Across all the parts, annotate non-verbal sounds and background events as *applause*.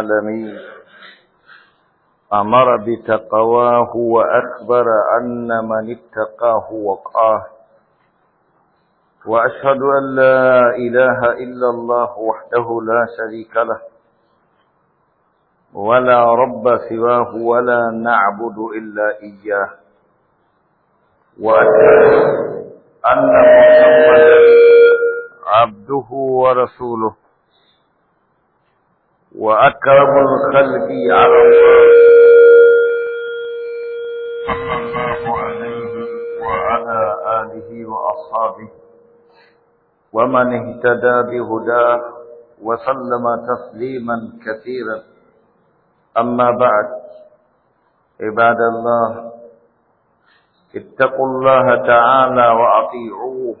العالمين أمر بتقواه وأخبر أن من اتقاه وقاه وأشهد أن لا إله إلا الله وحده لا شريك له ولا رب سواه ولا نعبد إلا إياه وأشهد أن محمدا عبده ورسوله وأكرم الخلق على الله صلى الله عليه وعلى آله وأصحابه ومن اهتدى بهداه وسلم تسليما كثيرا أما بعد عباد الله اتقوا الله تعالى وأطيعوه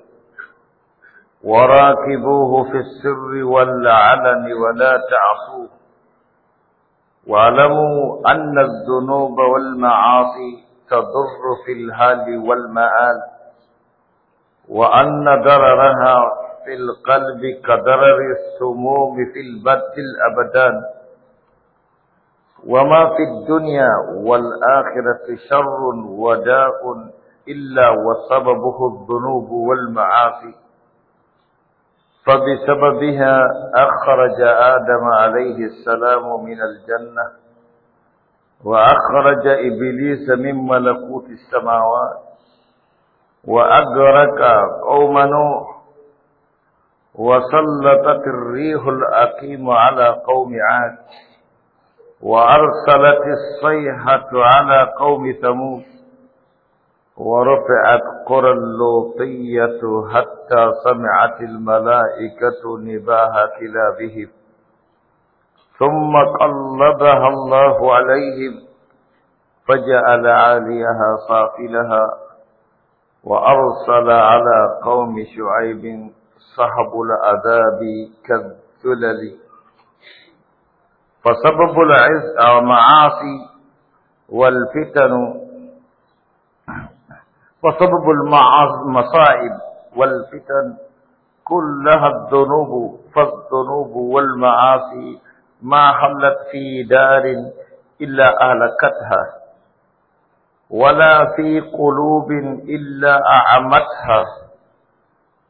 وراكبوه في السر والعلن ولا تعصوه واعلموا أن الذنوب والمعاصي تضر في الهال والمآل وأن ضررها في القلب كضرر السموم في البت الأبدان وما في الدنيا والآخرة شر وداء إلا وسببه الذنوب والمعاصي فبسببها أخرج آدم عليه السلام من الجنة وأخرج إبليس من ملكوت السماوات وأدرك قوم نوح وسلطت الريح الأقيم على قوم عاد وأرسلت الصيحة على قوم ثمود ورفعت قرى اللوطية حتى سمعت الملائكة نباه كلابهم ثم قلبها الله عليهم فجعل عاليها صافلها وأرسل على قوم شعيب صحب العذاب كالذلل فسبب العز آه، المعاصي والفتن وسبب المصائب والفتن كلها الذنوب فالذنوب والمعاصي ما حلت في دار إلا أهلكتها ولا في قلوب إلا أعمتها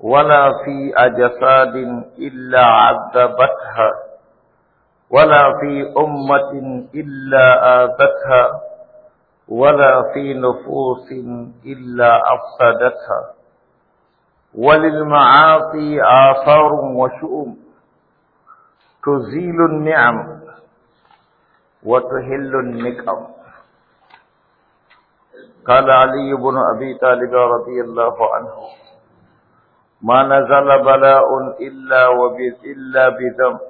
ولا في أجساد إلا عذبتها ولا في أمة إلا آذتها ولا في نفوس إلا أفسدتها وللمعاصي آثار وشؤم تزيل النعم وتهل النكم قال علي بن أبي طالب رضي الله عنه ما نزل بلاء إلا إلا بذنب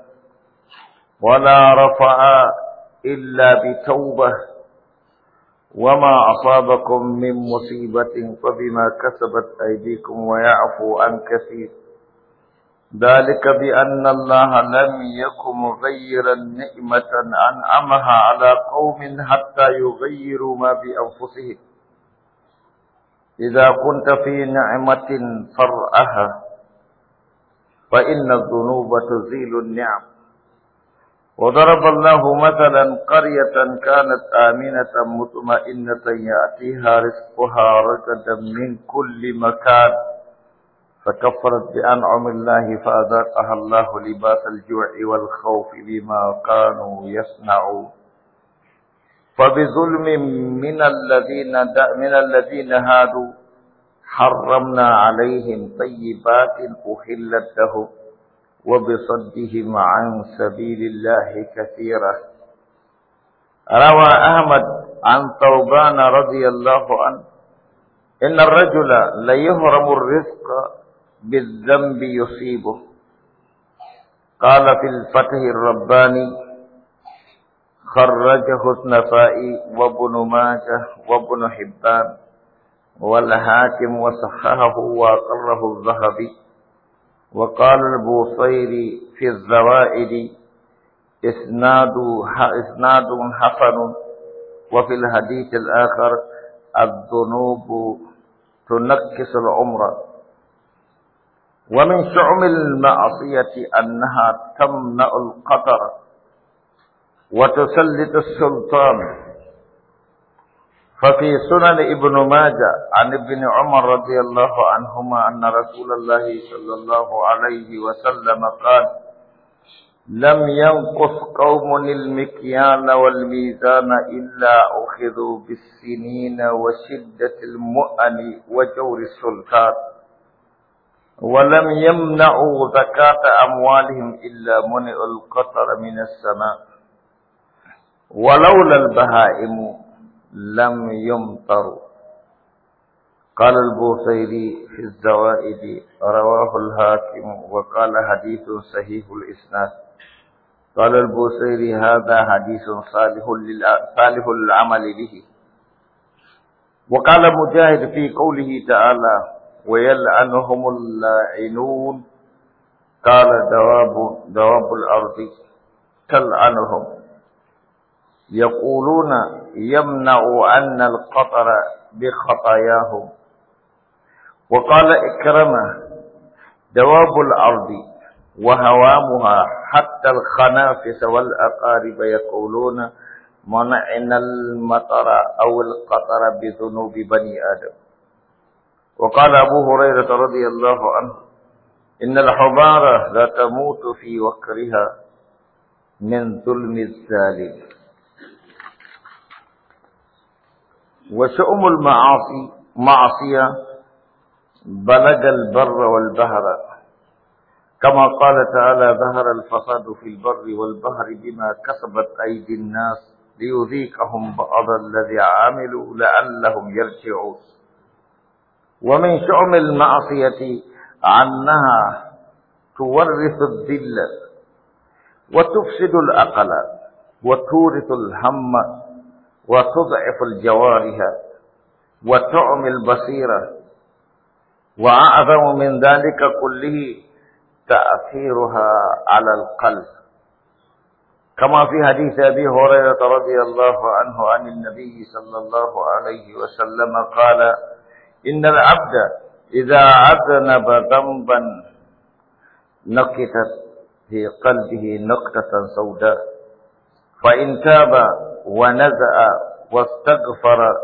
ولا رفع إلا بتوبة وما أصابكم من مصيبة فبما كسبت أيديكم ويعفو عن كثير ذلك بأن الله لم يكن مغيرا نعمة أنعمها على قوم حتى يغيروا ما بأنفسهم إذا كنت في نعمة فرأها فإن الذنوب تزيل النعم وضرب الله مثلا قرية كانت آمنة مطمئنة يأتيها رزقها ركدا من كل مكان فكفرت بأنعم الله فأذاقها الله لباس الجوع والخوف بما كانوا يصنعون فبظلم من الذين من الذين هادوا حرمنا عليهم طيبات أحلت لهم وبصدهم عن سبيل الله كثيرا روى أحمد عن طوبان رضي الله عنه إن الرجل ليهرم الرزق بالذنب يصيبه قال في الفتح الرباني خرجه النفائي وابن ماجه وابن حبان والحاكم وصححه وأقره الذهبي وقال البوصيري في الزوائد إسناد إسناد حسن وفي الحديث الآخر الذنوب تنكس العمر ومن شعم المعصية أنها تمنع القطر وتسلط السلطان ففي سنن ابن ماجه عن ابن عمر رضي الله عنهما أن رسول الله صلى الله عليه وسلم قال لم ينقص قوم المكيال والميزان إلا أخذوا بالسنين وشدة المؤن وجور السلطان ولم يمنعوا زكاة أموالهم إلا منع القطر من السماء ولولا البهائم لم يمطر قال البوصيري في الزوائد رواه الحاكم وقال حديث صحيح الإسناد قال البوصيري هذا حديث صالح صالح العمل به وقال مجاهد في قوله تعالى ويلعنهم اللاعنون قال دواب دواب الأرض تلعنهم يقولون يمنع عنا القطر بخطاياهم وقال إكرمة دواب الأرض وهوامها حتى الخنافس والأقارب يقولون منعنا المطر أو القطر بذنوب بني آدم وقال أبو هريرة رضي الله عنه إن الحبارة لا تموت في وكرها من ظلم الزالب وشؤم المعاصي معصية بلغ البر والبهر كما قال تعالى ظهر الفساد في البر والبحر بما كسبت أيدي الناس ليذيقهم بعض الذي عملوا لعلهم يرجعون ومن شؤم المعصية عنها تورث الذل وتفسد الأقل وتورث الهم وتضعف الجوارح وتعمي البصيرة وأعظم من ذلك كله تأثيرها على القلب كما في حديث أبي هريرة رضي الله عنه عن النبي صلى الله عليه وسلم قال إن العبد إذا أذنب ذنبا نقطت في قلبه نقطة سوداء فإن تاب ونزأ واستغفر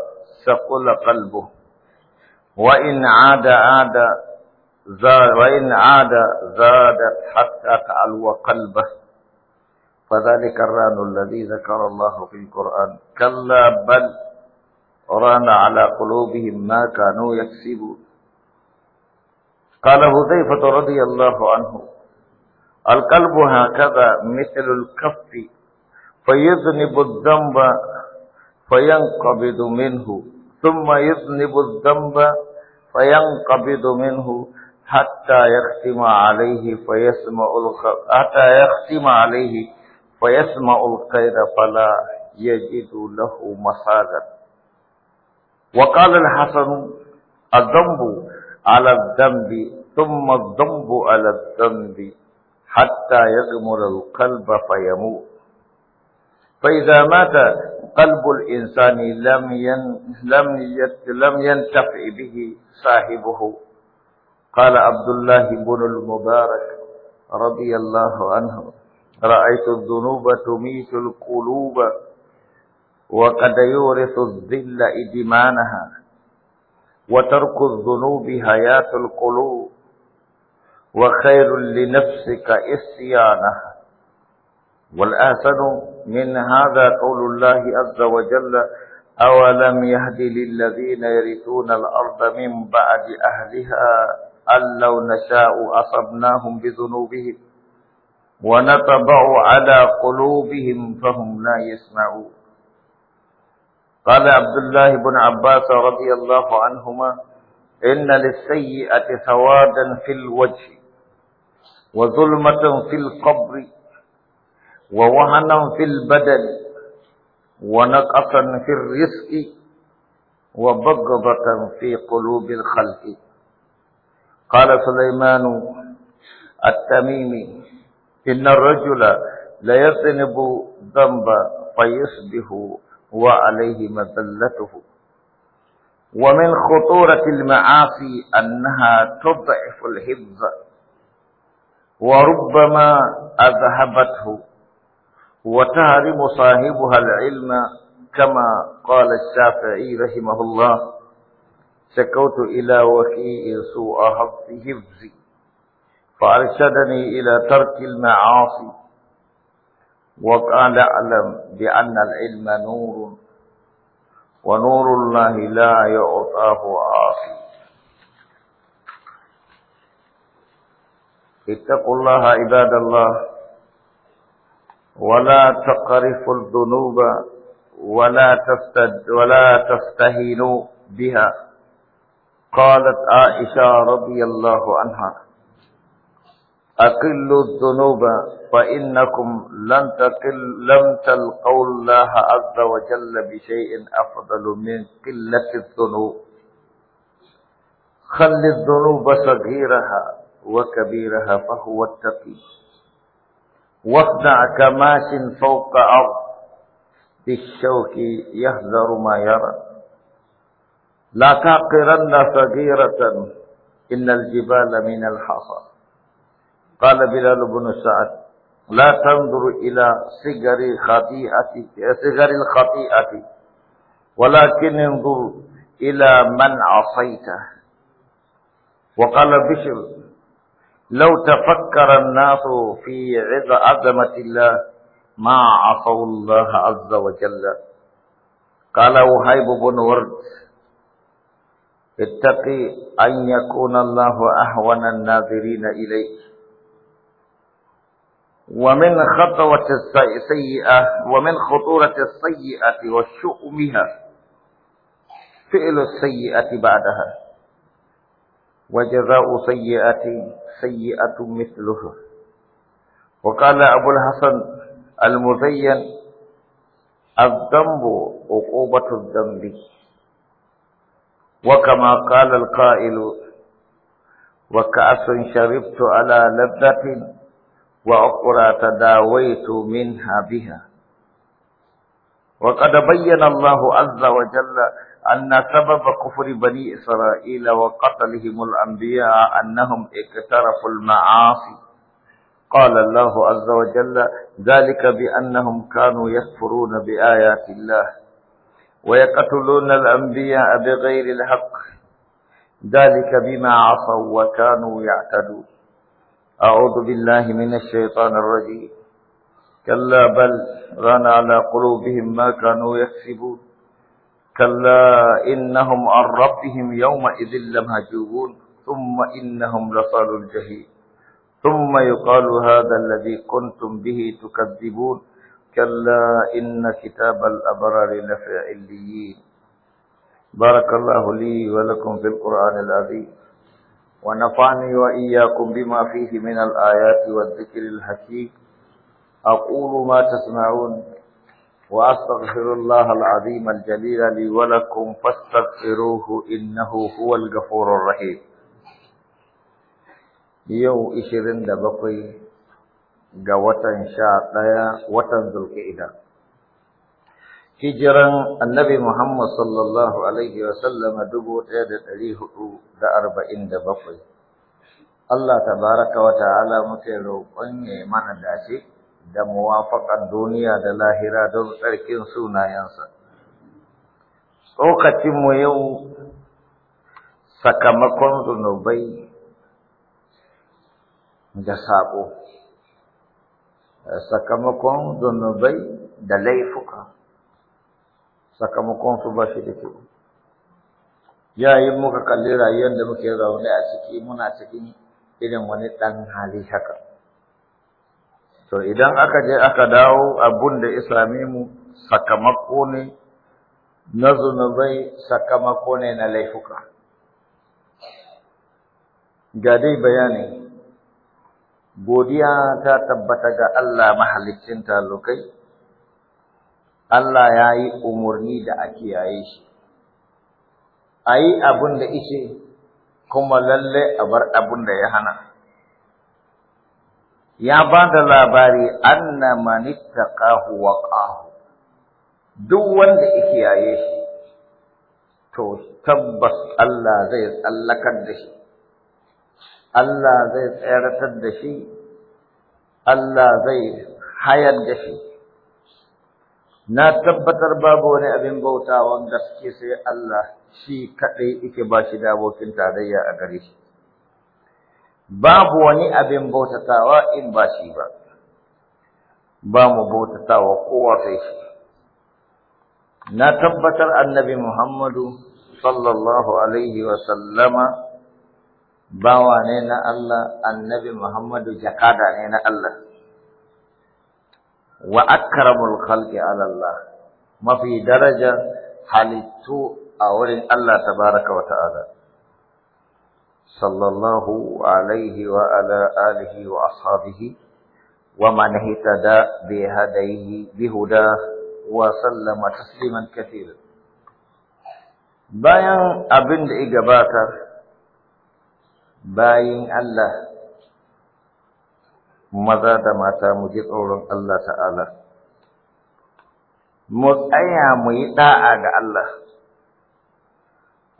ثقل قلبه وإن عاد عاد زاد وإن عاد زادت حتى تعلو قلبه فذلك الران الذي ذكر الله في القرآن كلا بل ران على قلوبهم ما كانوا يكسبون قال هذيفة رضي الله عنه القلب هكذا مثل الكف فيذنب الذنب فينقبض منه ثم يذنب الذنب فينقبض منه حتى يختم عليه فيسمع حتى يختم عليه فيسمع القيد فلا يجد له مصادا وقال الحسن الذنب على الذنب ثم الذنب على الذنب حتى يغمر القلب فيموت فإذا مات قلب الإنسان لم ين لم يت لم ينتفع به صاحبه قال عبد الله بن المبارك رضي الله عنه رأيت الذنوب تميت القلوب وقد يورث الذل إدمانها وترك الذنوب حياة القلوب وخير لنفسك إسيانها والآثن من هذا قول الله عز وجل أولم يهد للذين يرثون الأرض من بعد أهلها أن لو نشاء أصبناهم بذنوبهم ونطبع على قلوبهم فهم لا يسمعون قال عبد الله بن عباس رضي الله عنهما إن للسيئة سوادا في الوجه وظلمة في القبر ووهنا في البدن ونقصا في الرزق وبغضة في قلوب الخلق قال سليمان التميمي إن الرجل ليذنب ذنبا فيصبح وعليه مذلته ومن خطورة المعاصي أنها تضعف الحفظ وربما أذهبته وتهرم صاحبها العلم كما قال الشافعي رحمه الله شكوت إلى وكيء سوء حظ حفظي فأرشدني إلى ترك المعاصي وقال أعلم بأن العلم نور ونور الله لا يعطاه عاصي اتقوا الله عباد الله ولا تقرفوا الذنوب ولا تستد ولا تستهينوا بها قالت عائشة رضي الله عنها أقلوا الذنوب فإنكم لن تقل لم تلقوا الله عز وجل بشيء أفضل من قلة الذنوب خل الذنوب صغيرها وكبيرها فهو التقي واصدع كماش فوق أرض بالشوك يهذر ما يرى لا تعقرن صغيرة إن الجبال من الحصى قال بلال بن سعد لا تنظر إلى صغر الخطيئة صغر الخطيئة ولكن انظر إلى من عصيته وقال بشر لو تفكر الناس في عز عظمة الله ما عصوا الله عز وجل قال وهيب بن ورد اتقي أن يكون الله أهون الناظرين إليك ومن خطوة السيئة ومن خطورة السيئة وشؤمها فعل السيئة بعدها وجزاء سيئة سيئة مثله وقال أبو الحسن المزين الذنب عقوبة الذنب وكما قال القائل وكأس شربت على لذة وأخرى تداويت منها بها وقد بين الله عز وجل أن سبب كفر بني إسرائيل وقتلهم الأنبياء أنهم اقترفوا المعاصي قال الله عز وجل ذلك بأنهم كانوا يكفرون بآيات الله ويقتلون الأنبياء بغير الحق ذلك بما عصوا وكانوا يعتدون أعوذ بالله من الشيطان الرجيم كلا بل ران على قلوبهم ما كانوا يكسبون كلا إنهم عن ربهم يومئذ لمهجوبون ثم إنهم لصال الجحيم ثم يقال هذا الذي كنتم به تكذبون كلا إن كتاب الأبرار لفي عليين بارك الله لي ولكم في القرآن العظيم ونفعني وإياكم بما فيه من الآيات والذكر الحكيم أقول ما تسمعون وأستغفر الله العظيم الجليل لي ولكم فاستغفروه إنه هو الغفور الرحيم يو إشرين دبقي جواتا إن شاء الله واتا ذلك كجرا النبي محمد صلى الله عليه وسلم دبو تيد عليه دأربا إن دبقي الله تبارك وتعالى مكيرو قنعي من داسك da muwafaƙan duniya da lahira don tsarkin sunayensa. mu yau sakamakon zunubai da saƙo, sakamakon zunubai da laifuka, sakamakon su ba shi da kyau. Yayin muka kalli rayuwar da muke zaune a ciki muna cikin irin wani ɗan hali haka. to idan aka je aka dawo abun da islami mu sakamako ne na zunubai sakamako ne na laifuka ga dai bayani godiya ta tabbata ga Allah mahalicin talukai Allah ya yi umarni da a kiyaye shi a yi abin da ishe kuma lalle a bar abun da ya hana ya ba da labari anna man ittaqahu waqahu duk wanda ya kiyaye shi to tabbas Allah zai tsallakar da shi Allah zai tsayartar da shi Allah zai hayar da shi na tabbatar babu wani abin bautawan gaske sai Allah shi kaɗai yake ba shi da abokin tarayya a gare shi babu wani abin bautatawa in ba shi ba ba mu bautatawa kowa sai shi na tabbatar annabi Muhammadu sallallahu alaihi wa sallama bawa ne na Allah annabi Muhammadu jakada ne na Allah wa akramul khalqi ala Allah mafi daraja halittu a wurin Allah tabaraka wa ta'ala صلى الله عليه وعلى آله وأصحابه ومن اهتدى بهديه بهداه وسلم تسليما كثيرا bayan abin da ya gabatar bayan Allah maza da mata mu ji tsoron Allah ta'ala mu tsaya mu yi da'a ga Allah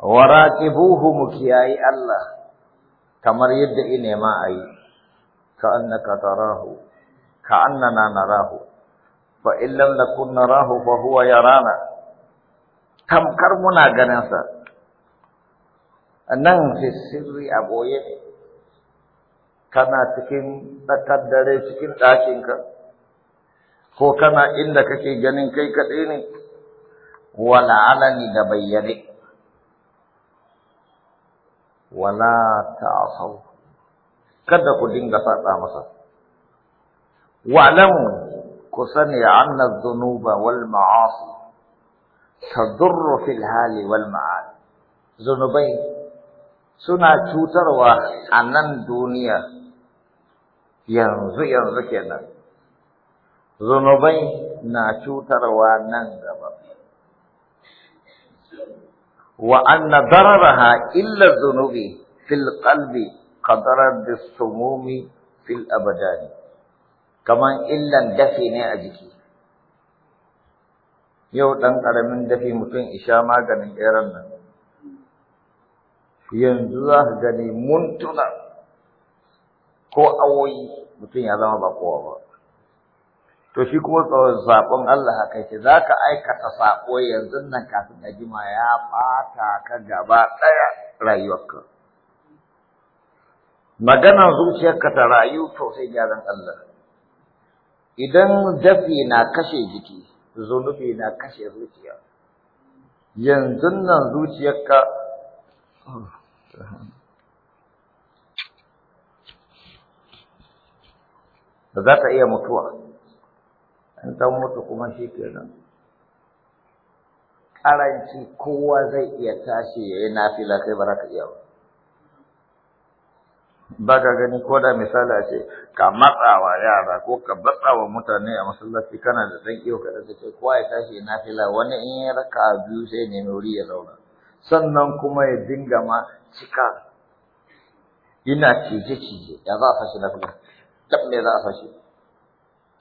waraqibuhu mukiyayi Allah kamar yadda ine ma ayi ka annaka tarahu ka annana narahu fa in nakun narahu fa huwa yarana tamkar muna ganin sa nan fi sirri a kana cikin dare cikin ɗakinka ko kana inda kake ganin kai kaɗai ne wala alani da bayyane wala ta'asau kada ku dinga faɗa masa wa'lamu ku sani anna dhunuba wal ma'asi tadurru fil hali wal ma'ad zunubai suna cutarwa a nan duniya yanzu yanzu kenan zunubai na cutarwa nan gaba وأن ضررها إلا الذنوب في القلب قدر بالسموم في الأبدان كما إلا دفن أجك يو تنك على من دفي متن إشاما غن إيران ينزوه غني منتنا كو أوي متن يزام بقوة to shi kuma saƙon Allah haka yake za ka aikata saƙo yanzu nan kafin a jima ya ɓata ka gaba ɗaya rayuwarka maganar zuciyarka ta rayu to sai gyaran Allah idan dafi na kashe jiki zunubi na kashe zuciya yanzu nan zuciyarka za ta iya mutuwa in ta mutu kuma shi kenan karanci kowa zai iya tashi ya yi nafila sai ba ka iya ba ka gani ko da misali a ce ka wa yara ko ka wa mutane a masallaci kana da zan iya ka da ce kowa ya tashi ya nafila wani in ya raka biyu sai ne wuri ya zauna sannan kuma ya dinga ma cika Ina cije cije ya za a fashe na, nafila ɗan me za a fashe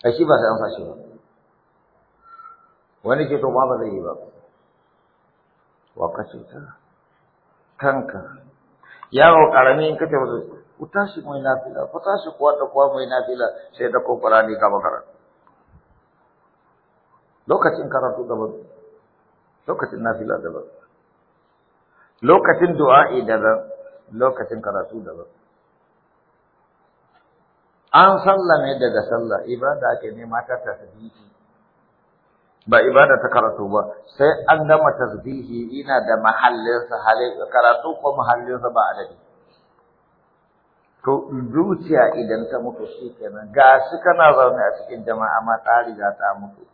a shi ba sai an fashe ba wani ce to ba ba zai yi ba wa kashe ta kanka yaro karami in kace masa ku tashi mai nafila ku tashi kuwa da kuwa mai nafila sai da kokora ne ka makara lokacin karatu daban lokacin nafila daban lokacin du'a'i daban lokacin karatu daban an sallame daga sallah ibada ke ne mata tasbihi ba ibada ta karatu ba sai an gama tasbihi ina da sa halai karatu ko mahallinsa ba adadi to zuciya idan ta mutu shi kenan ga shi kana zaune a cikin jama'a ma tsari za ta mutu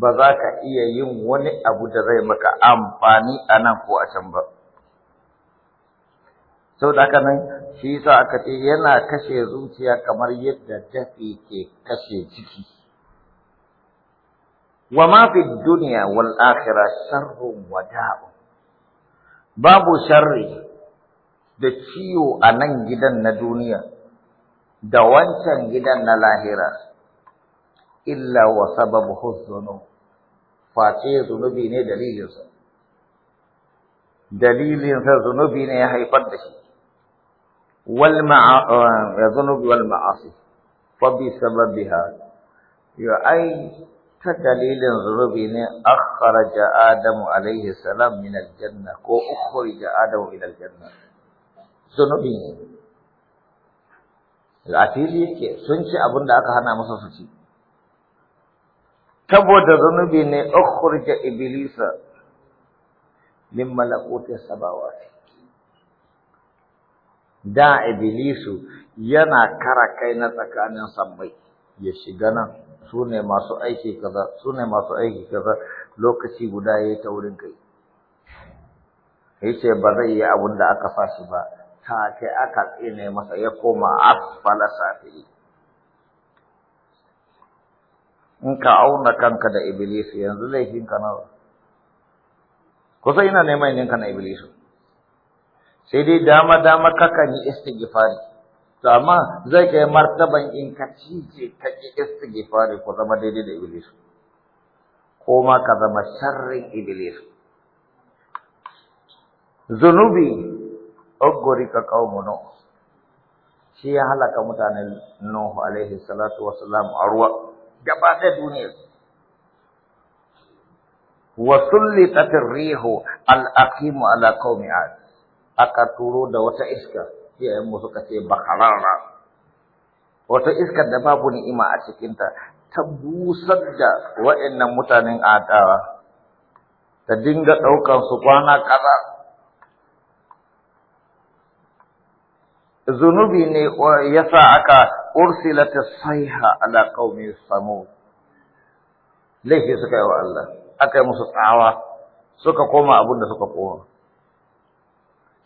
ba za ka iya yin wani abu da zai maka amfani a nan ko a can ba saboda haka nan shi yasa aka ce yana kashe zuciya kamar yadda dafi ke kashe ciki وما في الدنيا والآخرة شر وداء باب شر da ciwo a nan gidan na duniya da wancan gidan na lahira illa wa sababu huzzunu face zunubi ne dalilinsa dalilinsa zunubi ne ya haifar da shi wal ma'a zunubi wal ma'asi fa bi sababiha ya ai ta dalilin zunubi ne ja adamu alaihi salam min aljanna ko ja adamu min aljanna zunubi ne lafili yake sun ci abin da aka hana masa su ci saboda zunubi ne ja iblisa min malakuti sabawati da iblisu yana kara kai na tsakanin sammai ya shiga nan su ne masu aiki kaza su ne masu aiki kaza lokaci guda ya yi taurin kai yace ba zai yi abun da aka fashi ba Ta kai aka tsine masa ya koma asfala safi in ka auna kanka da iblis yanzu laifin ka nawa kusa ina neman ninka na iblis sai dai dama dama kakan yi istighfari to amma zai kai martaban in ka cije ka ki istighfari ko zama daidai da iblis ko ma ka zama sharrin iblis zunubi ogori ka kawo no shi ya halaka mutane nuhu alaihi salatu wassalam a ruwa gaba da duniya وسلطت الريح الأقيم على Aka turo da wata إسكا mu suka ce bakararra wato iskar da babu ni'ima a cikinta ta busar da wa'annan mutanen adawa ta dinga ɗaukan su kwana kaza zunubi ne ya sa aka ursilata saiha ala qaumi samud laifi suka yi wa Allah aka yi musu tsawa suka koma abin da suka koma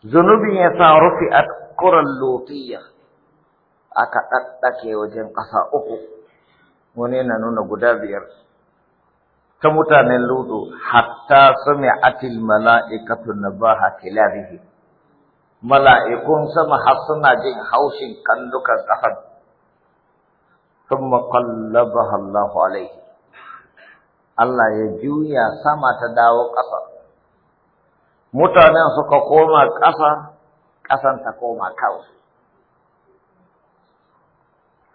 zunubin ya sa rufi a ƙuran lotiya aka ɗaɗɗake wajen ƙasa uku wani na nuna guda biyar ta mutanen Ludo. hatta su mai atil mala'ikatu na ba kilarihi mala'ikun sama har suna jin haushin kandukan ƙasar sun maƙallaba Allah alaihi Allah ya juya sama ta dawo ƙasar mutanen suka koma ƙasa, ƙasan ta koma kawo.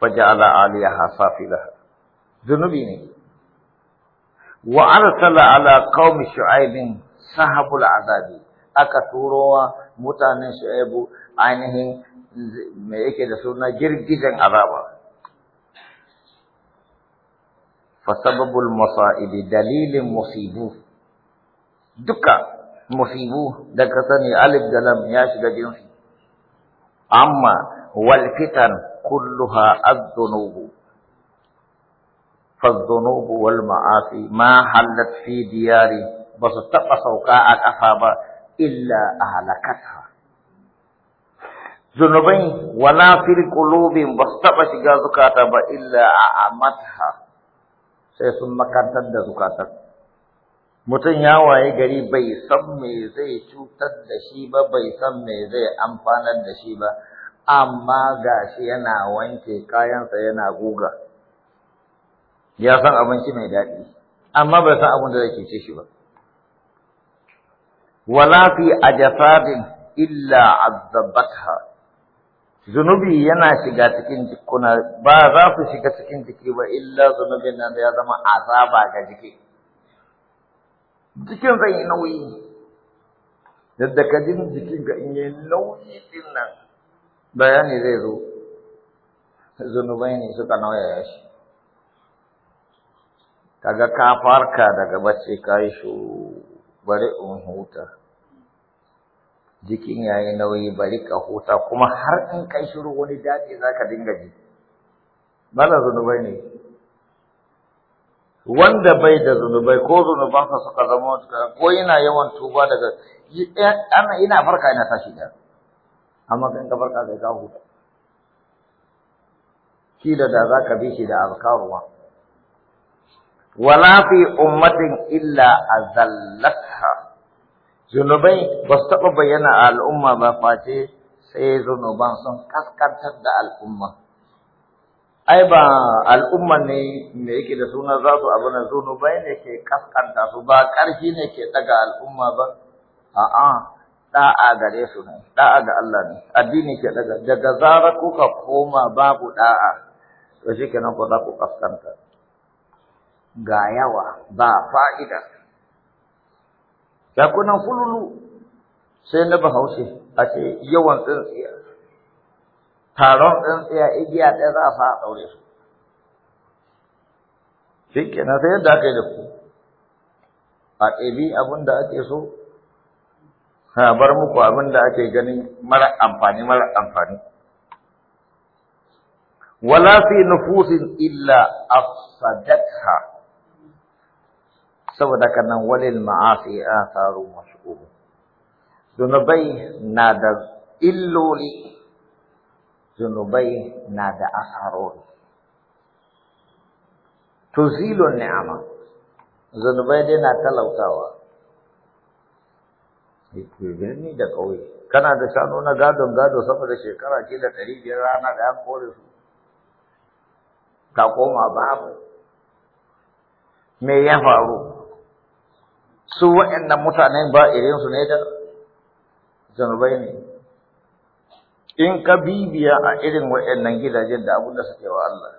Faja ala aliya hasa filah, zunubi ne. Wa arsala ala qaumi shu'aibin sahabul azabi aka turowa mutanen shu'aibu ainihin me yake da suna girgijen azaba fa sababul masaibi dalilin musibu duka musibu da ka sani alif da lam ya shiga jinsi amma wal fitan kulluha az-dhunub فالذنوب والمعاصي ما حلت في دياري بس تقصوا كاء كفابا إلا أهلكتها ذنوبين ولا في القلوب بس تقصوا كاء إلا أعمتها سيسمى كانت ذكاتك mutum ya waye gari bai san me zai cutar da shi ba bai san me zai amfanar da shi ba amma ga shi yana wanke kayansa yana guga ya san abinci mai daɗi amma bai san abin da zai ce shi ba wala fi ajasadin illa azzabatha zunubi yana shiga cikin jikuna ba za su shiga cikin jiki ba illa zunubin nan da ya zama azaba ga jiki jikin zai yi nauyi da ka jin jikin ka in yi nauyi din nan bayani zai zo zunubai ne suka nauyaya shi kaga ka farka daga bacci ka yi shu bari in huta jikin ya yi nauyi bari ka huta kuma har in kai shiru wani daɗi za ka dinga ji bala zunubai ne wanda bai da zunubai ko zunubansa suka zama ko yana yawan tuba daga ana ina farka ina tashi da amma kan ka farka kai ka huta Ki da za ka bi shi da azkaruwa wala fi ummatin illa azallatha zunubai ba su taɓa bayyana al'umma ba face sai zunuban sun kaskantar da al'umma ai ba al'umma ne me yake da suna za su abu na zuno bai ne ke kaskanta su ba ƙarfi ne ke daga al'umma ba a'a da'a gare su ne da'a ga Allah ne addini ke daga daga zarar kuka koma babu da'a to shikenan ku za ku kaskanta ga yawa ba fa'ida ya kunan fululu sai na bahaushe a ce yawan tsintsiya taron ɗin tsaya igiya ɗaya za a sa a ɗaure su shi na sai yadda aka yi da ku a ɗabi abin da ake so a bar muku abin da ake ganin mara amfani mara amfani wala fi nufusin illa afsadatha saboda kanan walil ma'asi masu ubu. Zunubai na da illoli zunubai na da asarori tuzilun ni'ama zunubai dai na talautawa birni da ƙauye kana da shanu na gadon gado saboda shekara ke da ɗari biyar rana da an kore su ta koma babu me ya faru su waɗannan mutanen ba irinsu ne da zunubai ne in ka bibiya a irin waɗannan gidajen da abin da suke wa Allah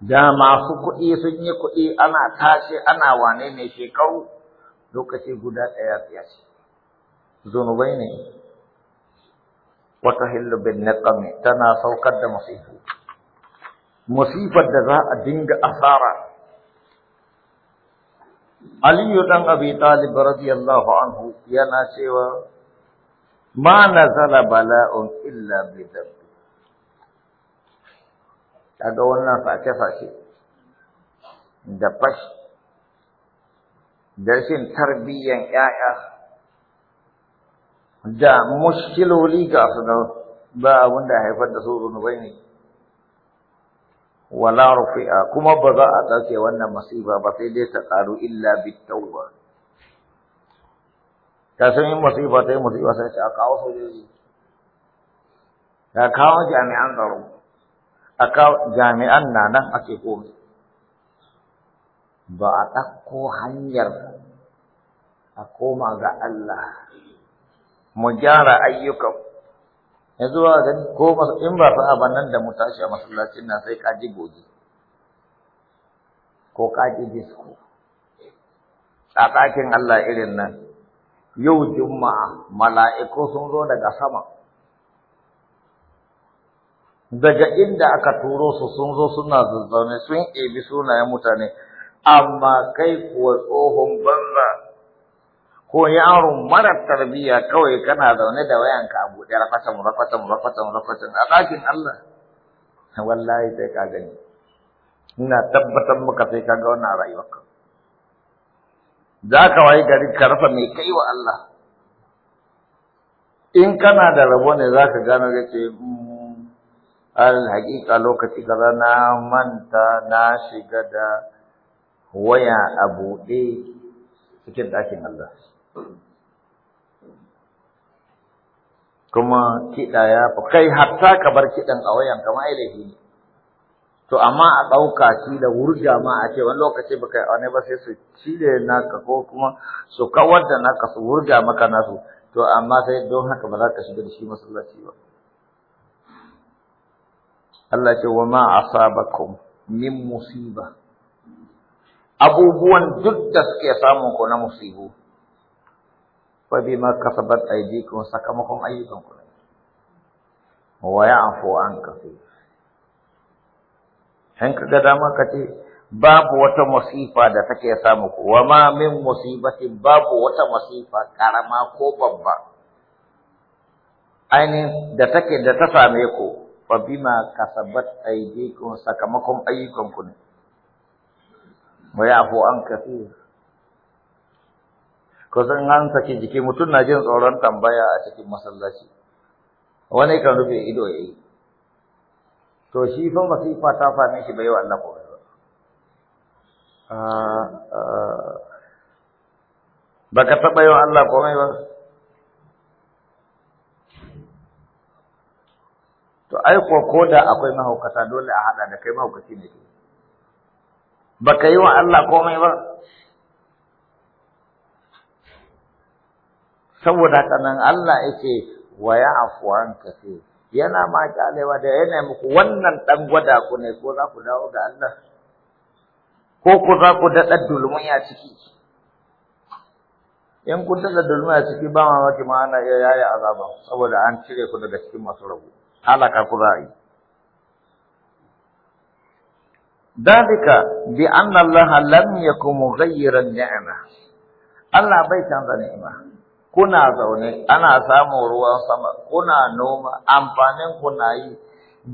da masu kuɗi sun yi kuɗi ana tashi ana wane ne shekaru lokaci guda ɗaya ya ce zunubai ne wata hillu bin naqami tana saukar da masifu musifar da za a dinga asara Aliyu dan Abi Talib radiyallahu anhu yana cewa ma nazala bala'un illa bi dabbi kaga wannan face-face da fashi da rashin tarbiyyan ƴaƴa da mushkiloli ga su da ba abin da haifar da su zunubai ne wala rufi'a kuma ba za a ɗauke wannan masifa ba sai dai ta ƙaru illa bi tawba ta san yin masifa ta yi masifa sai ta kawo sojoji ta kawo jami'an tsaro a kawo jami'an na nan ake komai ba a ɗauko hanyar a koma Allah mu gyara ayyukan yanzu ba gani ko in ba fa ba nan da mu tashi a masallacin nan sai ka ji goji ko ka ji disko a ɗakin Allah irin nan yau juma'a mala'iku sun zo daga sama daga inda aka turo su sun zo suna zazzaune sun ebi sunayen mutane amma kai kuwa tsohon banza ko yaron mara tarbiyya kawai kana zaune da wayanka a buɗe rafatan rafatan rafatan rafatan a ɗakin Allah wallahi sai ka gani ina tabbatar maka sai ka ga wannan rayuwar. za ka wayi gari ka rafa mai kai wa Allah in kana da rabo ne za ka gano da ce mm, alhaƙiƙa lokaci ga na manta na shiga da waya a buɗe cikin ɗakin Allah kuma kiɗa ya fi kai hatta ka bar kiɗan a wayan kama ai ne to amma a ɗauka shi da wurga ma a ce wani lokaci baka yi wani ba sai su cire naka ko kuma su kawar da naka su wurga maka nasu to amma sai don haka ba za ka shiga da shi masallaci ba Allah ce wa ma asabakum min musiba abubuwan duk da suke samun ku na musibu fa bima kasabat aydikum sakamakon ayyukan ku wa ya'fu an kaseer in ka ga dama ka ce babu wata masifa da take samu ku wa ma min musibatin babu wata masifa karama ko babba ainihin da take da ta same ku fa bima kasabat aydikum sakamakon ayyukan ku ne wa an kafi ko san an saki jiki mutum na jin tsoron tambaya a cikin masallaci wani kan rufe ido yayi to shi fa masifa ta same shi bai wa Allah komai ba baka taɓa yi wa Allah komai ba to ai ko koda da akwai mahaukata dole a haɗa da kai mahaukaci ne baka yi wa Allah komai ba saboda kanan Allah yake wa ya'fu an kaseer yana ma kyalewa da yana muku wannan dan gwada ku ne ko za ku dawo ga Allah ko ku za ku daɗa dulmiya ciki in ku daɗa dulmiya ciki ba mamaki ma ana ya yaya azaba saboda an cire ku daga cikin masu rabu halaka ku za yi dalika bi anna allaha lam yakum مغيرا نعمة Allah bai canza ni'ima kuna zaune ana samun ruwan sama kuna noma amfanin kuna yi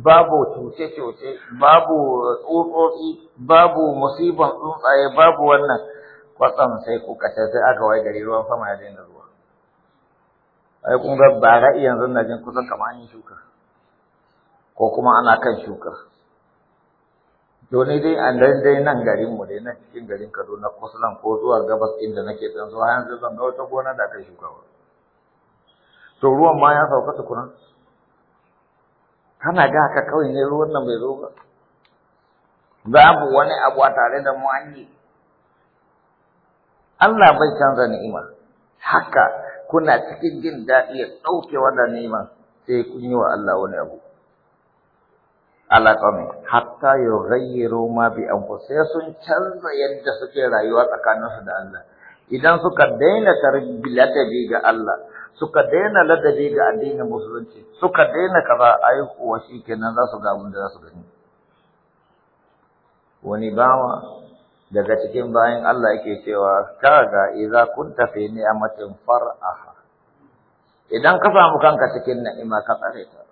babu cuce-cuce babu tsotsotsi babu musiban tsuntsaye babu wannan kwatsam sai ku kace sai aka wai gari ruwan sama ya daina zuwa. ai kun ga bara yanzu na jin kusan kamar an shuka ko kuma ana kan shuka Doni dai an daidai nan garin mu dai nan cikin garin Kaduna kusan ko zuwa gabas inda nake dan zuwa, yanzu zan ga wata gona da kai shuka wa. To ruwan ma ya sauka tukuna. Kana ga haka kawai ne ruwan nan bai zo ba. Babu wani abu a tare da mu Allah bai canza ni'ima. Haka kuna cikin jin daɗi ya ɗauke wannan ni'ima sai kun yi wa Allah wani abu. ala qawmi hatta yughayyiru Roma bi anfusihim sun canza yadda suke rayuwa tsakaninsu da Allah idan suka daina ladabi ga Allah suka daina ladabi ga addinin musulunci suka daina kaza ai kuwa kenan za su ga da za su gani wani bawa daga cikin bayan Allah yake cewa kaga idza kunta fi ni'matin far'aha idan ka samu kanka cikin ni'ima ka tsare ta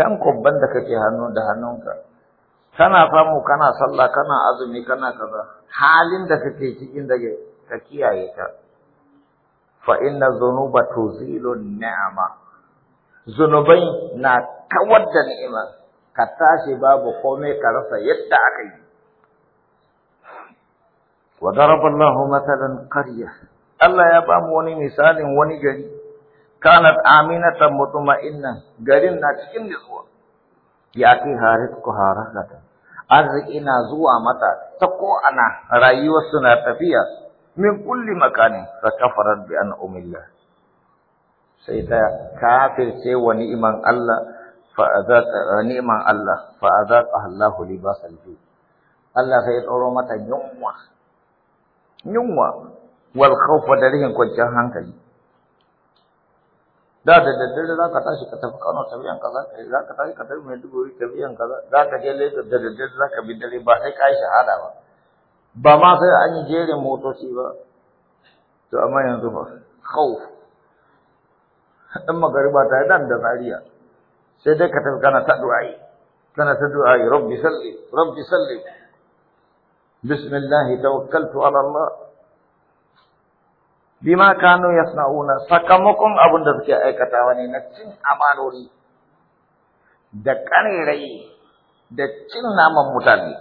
dan kubban da kake hannu da hannunka kana famu kana sallah kana azumi kana kaza halin da kake cikin da ka kiyaye ta fa inna dhunuba tuzilu ni'ama zunubai na kawar da ni'ima ka tashi babu komai ka rasa yadda aka yi wa daraba matalan qaryah Allah ya bamu wani misalin wani gari kanat aminata mutuma'innan garin na cikin nutsuwa ya kai harizquha rahatan arziki na zuwa mata ta ko ana rayuwar suna tafiya min kulli makanin fa kafarat bi an umilla sai ta kafirce wa ni'man Allah fa azaka ni'man Allah fa azaka Allah libas Allah sai tsoro mata yunwa yunwa wal khawfa da rihin kwanciyar hankali da da daddare za ka tashi ka tafi Kano tafiyan kaza za ka tashi ka tafi Maiduguri tafiyan kaza za ka je Lagos da daddare za ka bi dare ba sai ka yi shahada ba ba ma sai an yi jerin motoci ba to amma yanzu ba khauf dan ba ta dan da zariya sai dai ka tafi kana ta du'ai kana ta du'ai rabbi salli rabbi salli bismillah tawakkaltu ala Allah bima kanu yasnauna sakamakon abin da suke aikatawa ne na cin amanori da karerai da cin naman mutane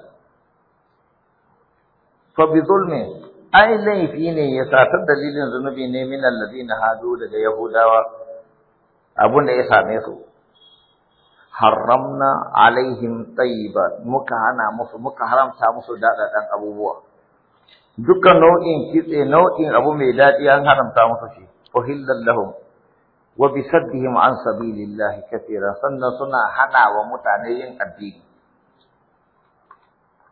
fa bi zulmi ai laifi ne ya sa dalilin zunubi ne min alladhina hadu daga yahudawa abin da ya same su haramna alaihim tayyiba muka hana musu muka haramta musu dadadan abubuwa dukkan nau'in kitse nau'in abu mai daɗi an haramta musu shi uhillan lahum wa bisaddihim an sabilillahi sannan suna hana wa mutane yin addini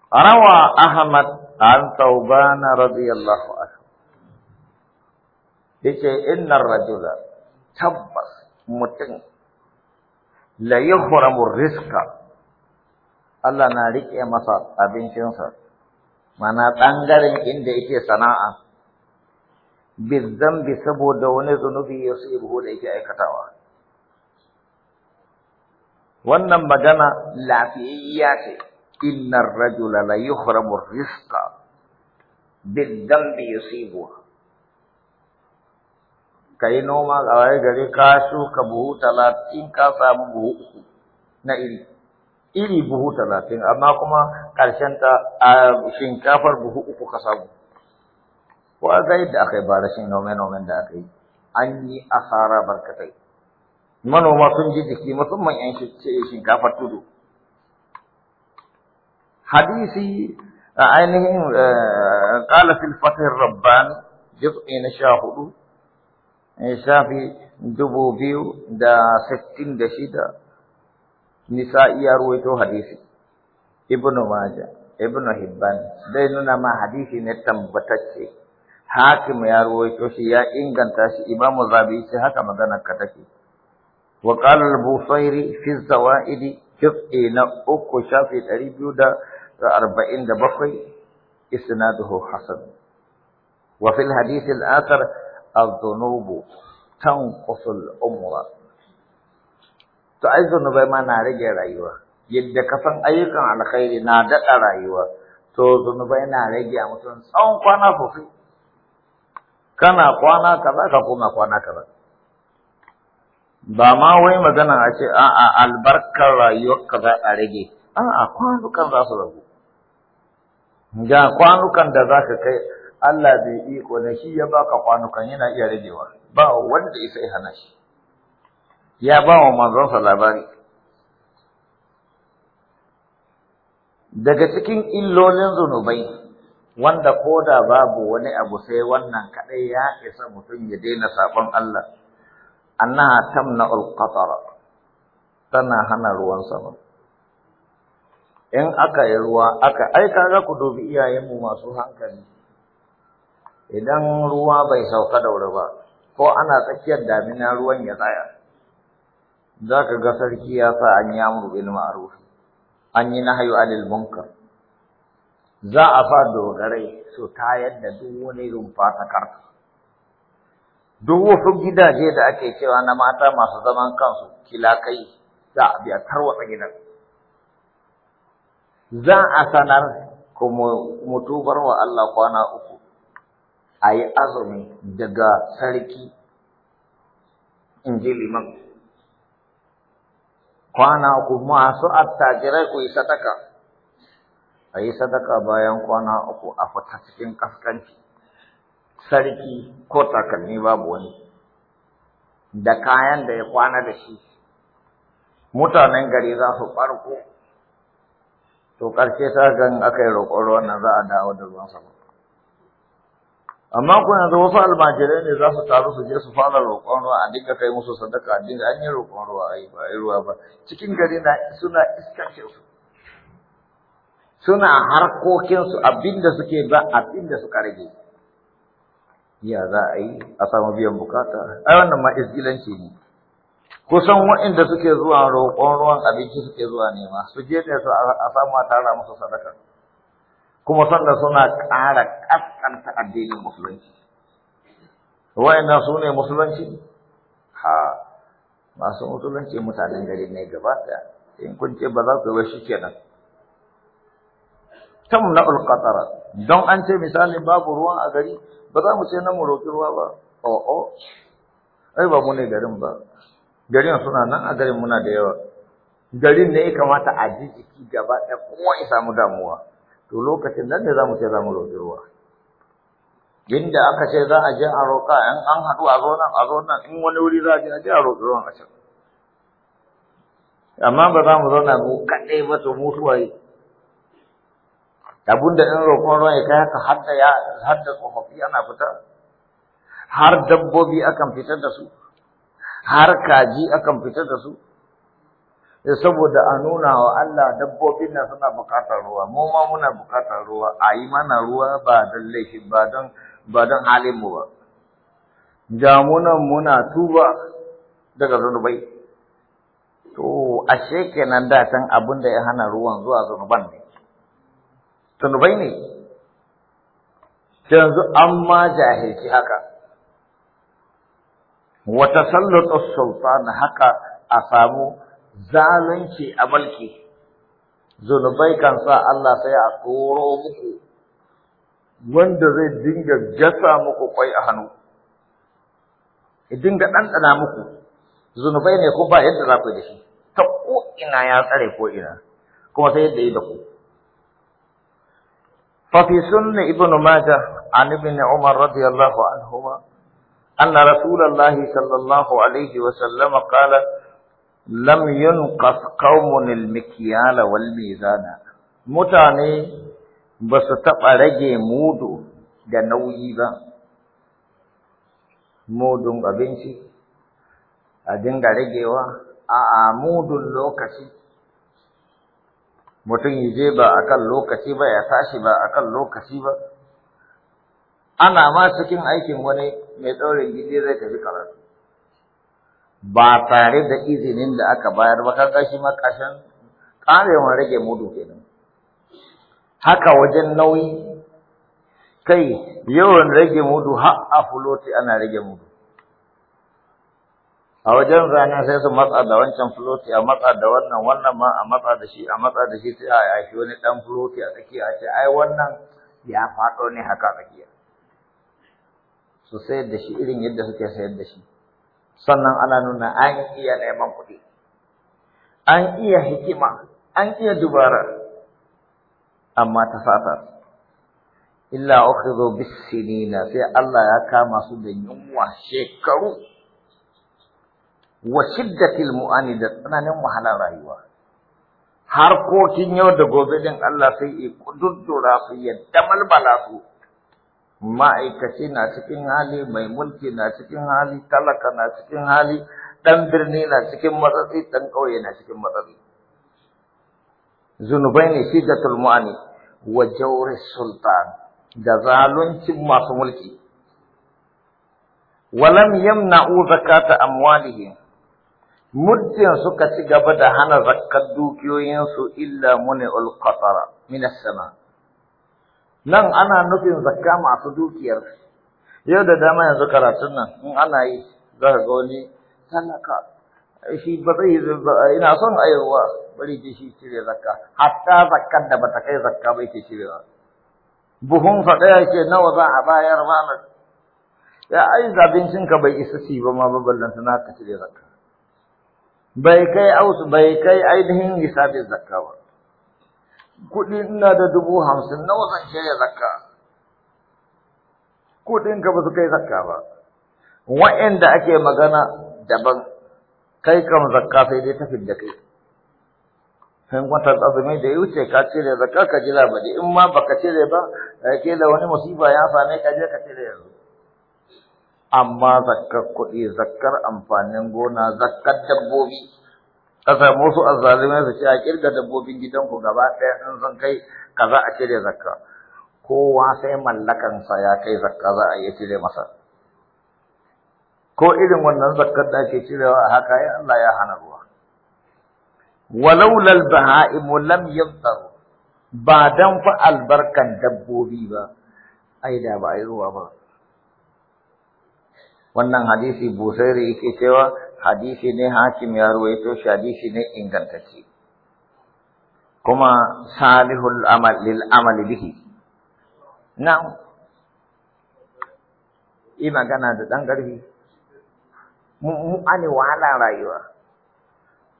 روى أحمد عن ثوبان رضي الله yace innar rajula tabbas mutum la yuhramu rizqa Allah na rike masa abincinsa mana ɓangaren inda yake sana'a zambi saboda wani zunubi ya su da yake aikatawa wannan magana lafiyayya ce innar rajula la yuhramu rizqa bizzambi yusibu kai noma ga gari ka shuka buhu talatin ka samu buhu na iri iri buhu talatin amma kuma ƙarshen ta a shinkafar buhu uku ka samu wa ga yadda aka yi ba shi nome-nomen da aka yi an yi asara barkatai manoma sun ji jiki musamman yan shinkafar tudu hadisi a ainihin ƙalafin eh, fatar rabban juz'i na sha hudu eh, shafi dubu biyu da sittin da shida nisa'i ya ruwaito hadisi ibnu maja ibnu hibban dai nuna ma hadisi ne tambatacce hakim ya ruwaito shi ya inganta shi imamu zabi shi haka maganar ka take wa qala al-busairi fi zawaid juz'i na uku shafi 247 isnaduhu hasan wa fil hadith al-akhar الذنوب تنقص الأمر to ai zunubai ma na rage rayuwa yadda ka san ayyukan alkhairi na daɗa rayuwa to zunubai na rage a mutum tsawon kwana sosai kana kwana kaza ka koma kwana kaza ba ma wai magana a ce a'a albarkar ka za a rage a'a kwanukan za su ragu ga kwanukan da za ka kai Allah bai iko na shi ya baka kwanukan yana iya ragewa ba wanda isa ya hana shi ya ba wa manzonsa labari daga cikin illolin zunubai wanda ko da babu wani abu sai wannan kaɗai ya isa mutum ya daina saɓon Allah annaha na ulƙatar tana hana ruwan sama in aka yi ruwa aka aika za ku dubi iyayenmu masu hankali idan ruwa bai sauka da wuri ba ko ana tsakiyar damina ruwan ya tsaya za ka ga sarki ya sa an yi amur bil ma'ruf an yi nahyu anil munkar za a fa dogarai su ta yadda duk wani rumfa ta karta duk wasu gidaje da ake cewa na mata masu zaman kansu kilakai za a biya tarwatsa gidan za a sanar kuma mutubar wa Allah kwana uku a yi azumi daga sarki in ji kwana uku masu attajirai ku yi sadaka a yi sadaka bayan kwana uku a fita cikin kaskanci sarki ko takalmi babu wani da kayan da ya kwana da shi mutanen gari za su farko to ƙarshe sa gan aka yi roƙon ruwan nan za a dawo da ruwan sama amma ko yanzu wasu almajirai ne za su taru su je su fara roƙon ruwa a dinga kai musu sadaka a dinga an yi roƙon ruwa yi ba yi ruwa ba cikin gari na suna iskace su suna harkokinsu abinda suke ba abinda suka rage ya za a yi a samu biyan bukata ai wannan ma isgilanci ne kusan waɗanda suke zuwa roƙon ruwan abinci suke zuwa nema su je ne su a samu a tara musu sadaka kuma sannan suna ƙara ƙasƙanta addinin musulunci wayannan su ne musulunci ha masu musulunci mutanen gari ne gaba ɗaya in kun ce ba za ku yi ba shi kenan tam na ulqatara don an ce misali babu ruwa a gari ba za mu ce na mu roƙi ruwa ba o'o oh, oh. ai ba mu ne garin ba garin suna nan a garin muna da yawa garin ne ya kamata a ji jiki gaba ɗaya kuma ya samu damuwa to lokacin nan ne za mu ce za mu roƙi ruwa inda aka ce za a je a roƙa in an haɗu a zo nan a zo nan in wani wuri za a je a je a roƙi ruwan a can amma ba za mu zauna mu kaɗai ba su mutuwa yi abinda in roƙon ruwan ya kai haka har da ya har da tsofaffi ana fita har dabbobi akan fitar da su har kaji akan fitar da su saboda a nuna wa Allah dabbobin nan suna buƙatar ruwa mu ma muna buƙatar ruwa a yi mana ruwa ba don laifi ba don ba don halin mu ba jamunan muna tuba daga zunubai to ashe kenan da san abin da ya hana ruwan zuwa zunuban ne zunubai ne yanzu an ma jahilci haka wata sallata sultan haka a samu zalunci a mulki zunubai kan sa Allah sai a tsoro muku wanda zai dinga gasa muku kwai a hannu ya dinga ɗanɗana muku zunubai ne ko ba yadda za ku da shi ta ko ina ya tsare ko ina kuma sai yadda yi da ku ففي سنة ابن ماجه عن ابن عمر رضي الله عنهما أن رسول الله صلى الله عليه وسلم قال lam yunqas qaumun al-mikyala wal mizana mutane ba su taɓa rage mudu da nauyi ba mudun abinci a dinga ragewa a mudun lokaci mutum yi je ba a kan lokaci ba ya tashi ba a kan lokaci ba ana ma cikin aikin wani mai ɗaurin gidi zai tafi karatu ba tare da izinin da aka bayar ba kaga shi ma Kare ƙarewan rage mudu kenan haka wajen nauyi kai yawan rage mudu ha a fuloti ana rage mudu a wajen rana sai su matsa da wancan fuloti a matsa da wannan wannan ma a matsa da shi a matsa da shi sai a yashi wani dan fuloti a tsakiya a ce ai wannan ya faɗo ne haka tsakiya su sayar da shi irin yadda suke sayar da shi sannan ana nuna an iya neman kuɗi an iya hikima an iya dubara amma ta fata illa ukhidhu bisinina sai Allah ya kama su da yunwa shekaru wa shiddatil mu'ani da tsananin wahalar rayuwa harkokin yau da gobe din Allah sai ya kududdura su ya damalbala su ma'aikaci na cikin hali mai mulki na cikin hali talaka na cikin hali dan birni na cikin matsatsi dan ƙauye na cikin matsatsi zunubai ne shigatul mu'ani wa jawri sultan da zaluncin masu mulki walam yamna'u zakata amwalihim muddin suka ci gaba da hana zakkar dukiyoyinsu illa muni ulqatara minas sama nan ana nufin zakka masu dukiyar yau da dama yanzu karatun nan in ana yi za ka ga wani talaka shi ba zai yi ina son ayowa bari ji shi cire zakka hatta zakkar da bata kai zakka ba yake ba. buhun fa daya ke nawa za a bayar na ya ai abincin ka bai isa ci ba ma baballan sana ka cire zakka bai kai ausu bai kai ainihin hisabin zakka ba kuɗi ina da dubu hamsin nawa zan ya zakka kuɗinka ba su kai zakka ba wa'anda ake magana daban kai kam zakka sai dai tafi da kai sun kwatar azumi da ya wuce ka cire zakka ka jira ba in ma baka cire ba ke da wani musiba ya same ka je ka cire yanzu amma zakkar kuɗi zakkar amfanin gona zakkar dabbobi ka samu wasu azzalimai su ce a kirga dabbobin gidanku gaba ɗaya in san kai kaza a cire zakka kowa sai mallakansa ya kai zakka za a iya cire masa ko irin wannan zakkar da ake cirewa a haka ya Allah ya hana ruwa walaula al-baha'im lam yadhar ba dan fa albarkan dabbobi ba ai da ba ai ruwa ba wannan hadisi busairi yake cewa hadisi ne hakim ya ruwaito shi hadisi ne ingantacce kuma salihul amal lil amali bihi na'am yi magana da ɗan ƙarfi mu ani wahala rayuwa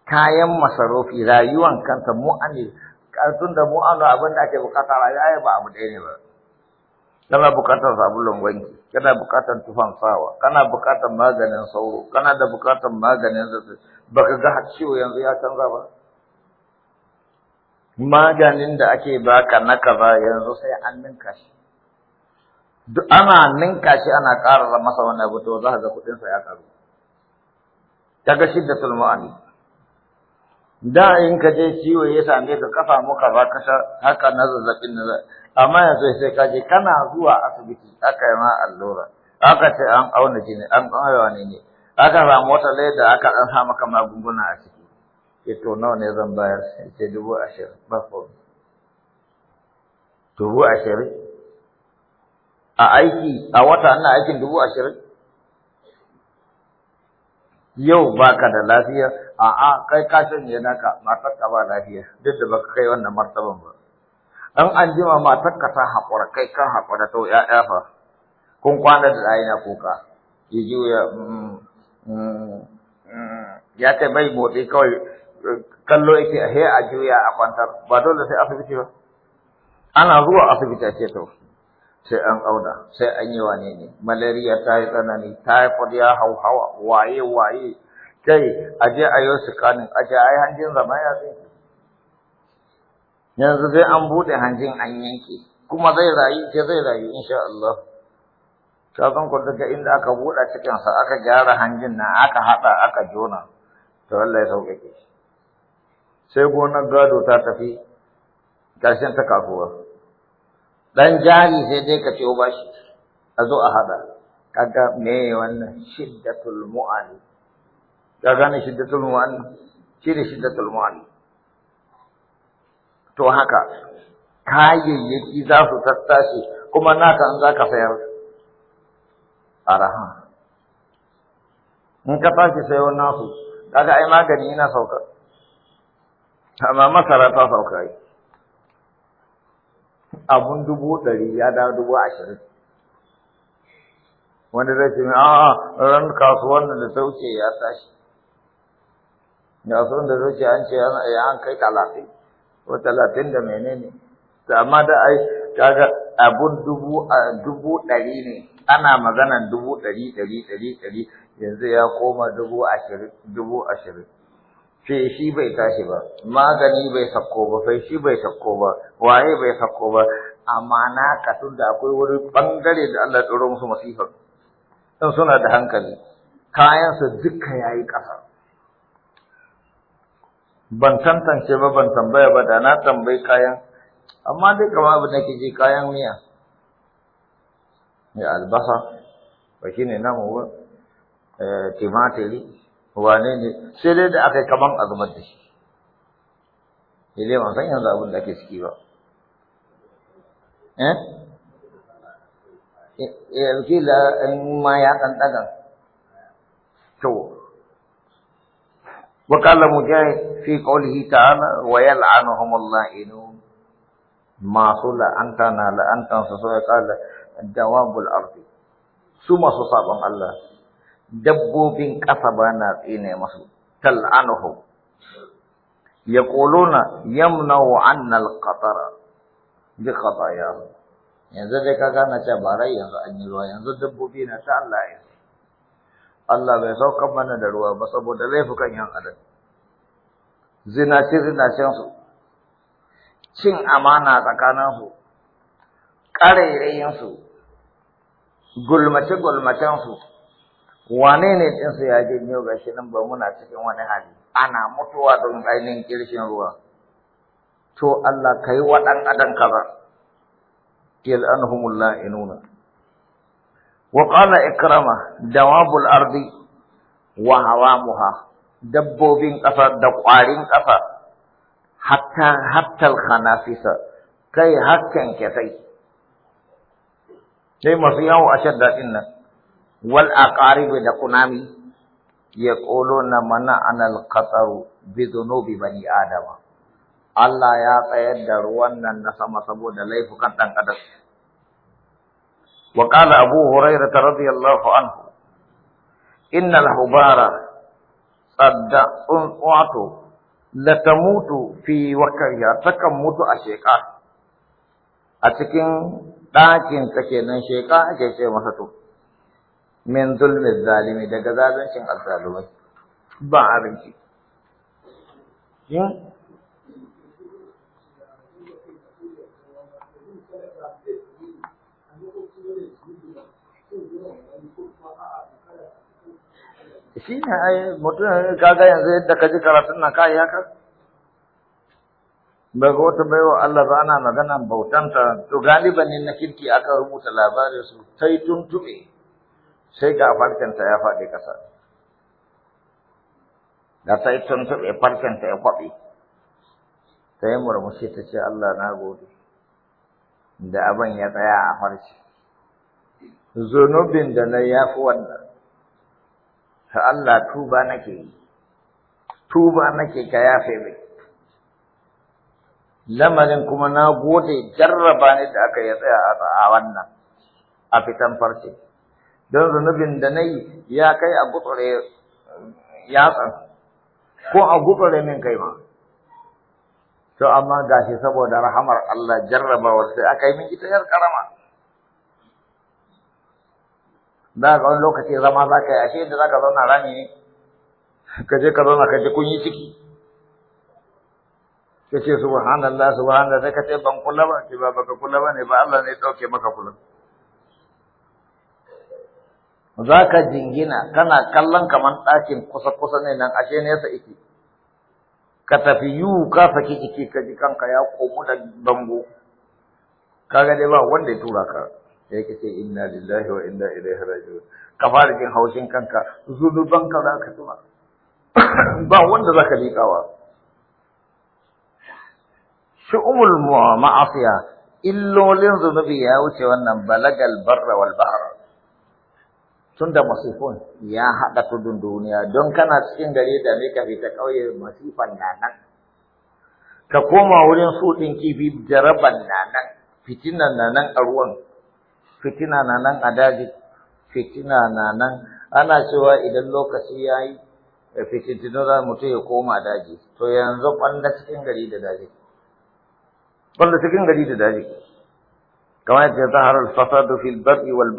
kayan masarufi rayuwan kanta mu ani ƙarfin da mu ane abin da ake bukata rayuwa ba abu ɗaya ne ba kana bukatar sabulun wanki kana bukatar tufan sawa kana bukatar maganin sauro kana da bukatar maganin zazzabi baka ga ciwo yanzu ya canza ba maganin da ake baka na kaza yanzu sai an ninka shi duk ana ninka shi ana karara masa wani abu to za ka ga kuɗinsa ya ƙaru kaga shiddatul mu'ani da in ka je ciwo ya same ka kafa muka ba ka haka na zazzabin na amma yanzu sai ka je kana zuwa asibiti aka yi ma allura aka ce an auna jini an auna ne ne aka samu wata leda aka ɗan sa maka magunguna a ciki ya to nawa ne zan bayar sai ce dubu ashirin ba ko dubu ashirin a aiki a wata ana aikin dubu ashirin yau baka da lafiya a'a kai ka shanye naka matarka ba lafiya duk da baka kai wannan martaban ba dan an jima matarka ta haƙura kai ka haƙura to ya fa kun kwana da ayina kuka ya ji mm, mm, ya ce bai motsi kawai kallo yake a a juya a kwantar ba dole sai asibiti ba ana zuwa asibiti a ce to sai an auna sai an yi wane ne malaria ta yi tsanani typhoid ya hau hawa waye waye kai Aje a yi wasu kanin aje a yi hanjin zama ya tsinke yanzu sai an buɗe hanjin an yanke kuma zai rayu ke zai rayu insha Allah ka san ku daga inda aka buɗe cikinsa aka gyara hanjin nan aka haɗa aka jona to Allah ya sauƙaƙe sai gonar gado ta tafi ƙarshen ta dan jari sai dai ka ciwo bashi a zo a hada kaga me wannan shiddatul mu'ani ka gane shiddatul mu'ani shi ne shiddatul mu'ani to haka kayayyaki za su tattashi kuma naka an za ka sayar araha in ka tashi sayo nasu kaga ai magani yana sauka amma masara ta sauka yi abun dubu ɗari ya dawo dubu ashirin Wani zai ce a ran kasuwan da sauke ya tashi Kasuwar da sauke an ce ya an kai talatin ko talatin da menene to amma da ai kaga abun dubu dubu ɗari ne ana maganan dubu ɗari ɗari ɗari ɗari yanzu ya koma dubu ashirin dubu ashirin feshi bai tashi ba magani bai sako ba shi bai sako ba waye bai sakko ba amma na katun da akwai wani bangare da Allah tsoro musu masifa dan suna da hankali kayan su duka yayi ƙasa ban tantance ba ban tambaya ba da na tambayi kayan amma dai kamar abin da ji kayan miya ya albasa ba shine namu ba eh, timatiri wane ne sai dai da aka yi kaman azumar da shi sai dai ban san yanzu abin da ake ciki ba eh eh mu eh, in ma ya kan daga to wa qala mujahid fi qawlihi ta'ala wa yal'anuhum allahu ma na la anta sa sa qala dawabul ardi suma su saban allah dabbobin ƙasa ba na tsine masu tal'anuhu yaquluna yamna wa al ƙasara, bi khatayahu yanzu dai ka na ce ba rai yanzu an yi ruwa yanzu dabbobi na ta Allah ya Allah bai sauka mana da ruwa ba saboda laifukan yan adam zinace zinacen su cin amana tsakanin su ƙarairayin su gulmace gulmacen su wane ne ɗinsu ya janyo ga shi nan ba muna cikin wani hali ana mutuwa don ainihin kirshin ruwa to Allah ka yi waɗan adan kaza an anhumul la'inuna wa qala ikrama dawabul ardi wa hawamuha dabbobin ƙasa da ƙwarin ƙasa hatta hattal khanafisa kai hakkan kai sai masu yawo a daɗin nan wal aqarib da kunami yaquluna mana anal qataru bi dhunubi bani adama Allah ya tsayar da ruwan nan na sama saboda laifukan dan adam wa qala abu hurairah radhiyallahu anhu innal hubara sadda unqatu la tamutu fi wakariya takan mutu a sheka a cikin ɗakin ta kenan sheka ake ce masa to min zulmi zalimi daga zaluncin azzalumai ba abinci yin shi ne ai mutum kaga yanzu yadda ka ji karatun na kai haka ba ga wata baiwa Allah ba ana magana bautanta to galiban ne na kirki aka rubuta labarin su sai tuntube sai ga farkenta ya faɗi ƙasa da ta yi tuntuɓe farkenta ya kwaɓe ta yi murmushi ta ce Allah na gode da abin ya tsaya a farce zunubin da na ya fi wannan ta Allah tuba nake yi tuba nake ka yafe mai lamarin kuma na gode jarraba ne da aka ya tsaya a wannan a fitan farce don zunubin da na yi ya kai a gutsure yatsa ko a gutsure min kai ma to amma gashi saboda rahamar Allah jarrabawar sai aka yi min ita yar karama da ga wani lokaci zama za ka yi ashe da za ka zauna rami ne ka je ka zauna ka je kun yi ciki ka ce subhanallah subhanallah sai ka ce ban kula ba ce ba ka kula ba ne ba Allah ne ya dauke maka kula za ka jingina kana kallon kamar ɗakin kusa-kusa ne nan ashe nesa ike ka tafi yiwu ka saki jiki ka ji kanka ya komo da bango Ka dai ba wanda ya tura ka Ya ka ce inna lillahi wa inna ilaihi raji'un ka fara jin haushin kanka zunuban ka za ka tuna *coughs* ba wanda za ka liƙawa shi'umul ma'asiya illolin zunubi ya wuce wannan balagal barra wal bahra tun da masifun ya haɗa tudun duniya don kana cikin gari da ne ka fita ƙauye masifan na nan ka koma wurin su ɗin kifi jaraban na nan Fitina na nan a ruwan fitina na nan a daji fitina na nan ana cewa idan lokaci ya yi eh, fitintinu za mutum ya koma daji to yanzu ɓanda cikin gari da daji ɓanda cikin gari da daji kamar yadda ta harar fasadu fil barri wal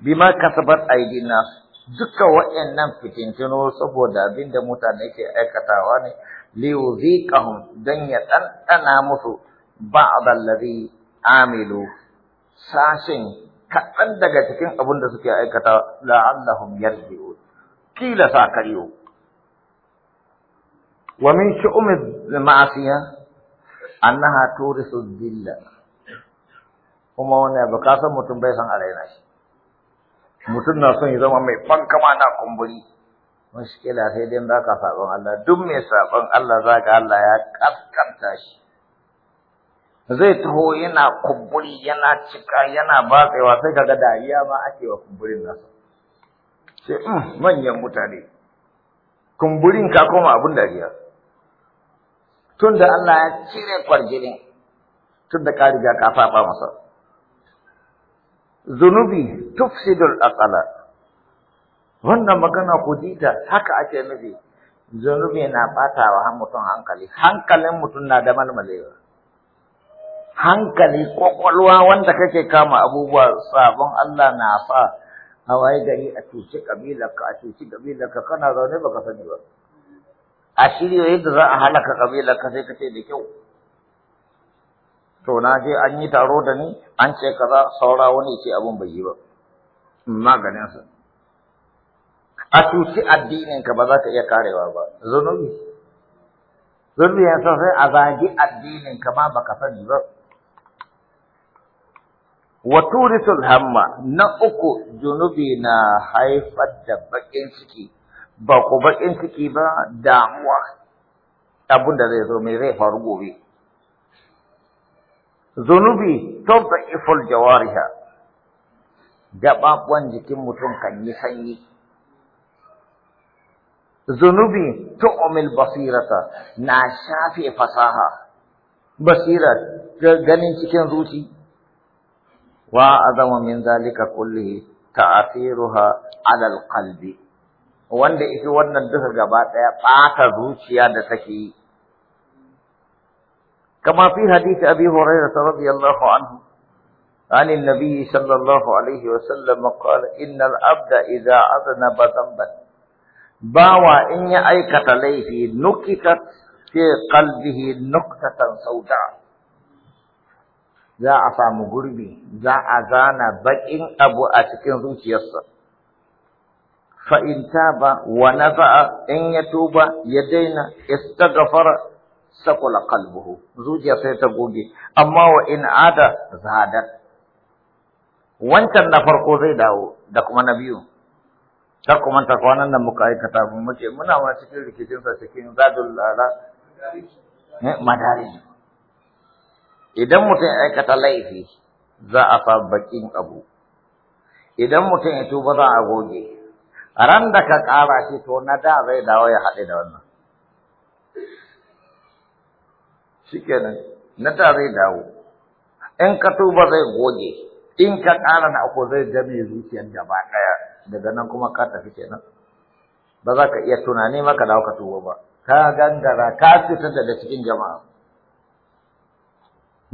bima kasabat aidin nas duka wa'annan fitintuno saboda abinda mutane ke aikatawa ne liyuziqahum dan ya ɗanɗana musu ba'd allazi amilu sashin kaɗan daga cikin abin da suke aikata allahum yarji'u kila sa kariyo wa min shu'umi ma'asiya annaha turisu dhilla kuma wannan ba ka mutum bai san alaina shi mutum na son ya zama mai fankama na kumburi mushkila sai dai za ka saɓon Allah duk mai saɓon Allah za ka Allah ya kaskanta shi zai taho yana kumburi yana cika yana batsewa sai kaga dariya ma ake wa kumburin nasa sai hmm, manyan mutane kumburin ka koma abin dariya tunda Allah ya cire kwarjinin tunda ka riga ka saba masa zunubi tufsidul aqala wannan magana ku ji haka ake nufi zunubi na fatawa har mutum hankali hankalin mutum na da malmalewa hankali kwakwalwa wanda kake kama abubuwa sabon Allah na fa a waye gari a cuci kabilarka a cuci kabilarka kana zaune baka sani ba a shirya yadda za a halaka kabilarka sai ce da kyau to na je an yi taro da ni an ce kaza saura wani ce abun bai yi ba sa a cuci addininka ba za ka iya karewa ba zunubi zunubi ya sa sai a zagi addininka ma baka sani ba wa turisul hamma na uku zunubi na haifar da bakin ciki ba ku bakin ciki ba damuwa abin da zai zo mai zai faru gobe zunubi tobda iful jawariha gaɓaɓuwan jikin mutum kan yi sanyi zunubi tu'umil basirata na shafe fasaha Basira ganin cikin zuci wa azama min zalika kullihi ta'athiruha 'ala al-qalbi wanda ita wannan duka gaba daya bata zuciya da take yi كما في حديث أبي هريرة رضي الله عنه عن النبي صلى الله عليه وسلم قال إن العبد إذا أذنب ذنبا باوى إن أيكت عليه نكتت في قلبه نقطة سوداء ذا عفا مغربي ذا أذان a أبو أتكين abu فإن تاب ونفع إن يتوب taba استغفر sakula kalbuhu zuciya sai ta goge amma wa in ada zadat wancan na farko zai dawo da kuma na biyu ta kuma ta kwanan nan muka aikata mu muke muna ma cikin rikicin sa cikin zadul lara eh, madari idan mutum ya aikata laifi za a fa bakin abu idan mutum ya tuba za a goge ran da ka kara shi to na da zai dawo ya haɗe da wannan shikenan na ta zai dawo in ka tuba zai goge in ka ƙara na uku zai game zuciyar da ba ɗaya daga nan kuma ka tafi kenan ba za ka iya tunani maka dawo ka tuba ba ka gangara ka fita daga cikin jama'a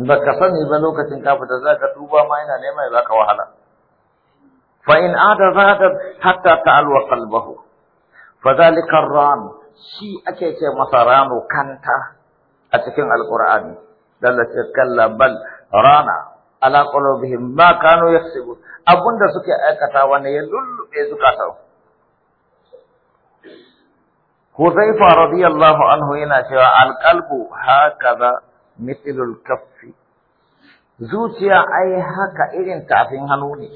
ba ka sani ba lokacin ka fita za ka tuba ma yana neman za ka wahala fa in ada ta hatta ta kalbahu fa zalika ran shi ake ce masa rano kanta a cikin alkur'ani dalla ce kalla bal rana ala qulubihim ma kanu yahsibu abunda suke aikata wanda ya lullube zukatan Huzaifa radiyallahu anhu yana cewa alqalbu hakaza mithlul kaffi zuciya ai haka irin tafin hannu ne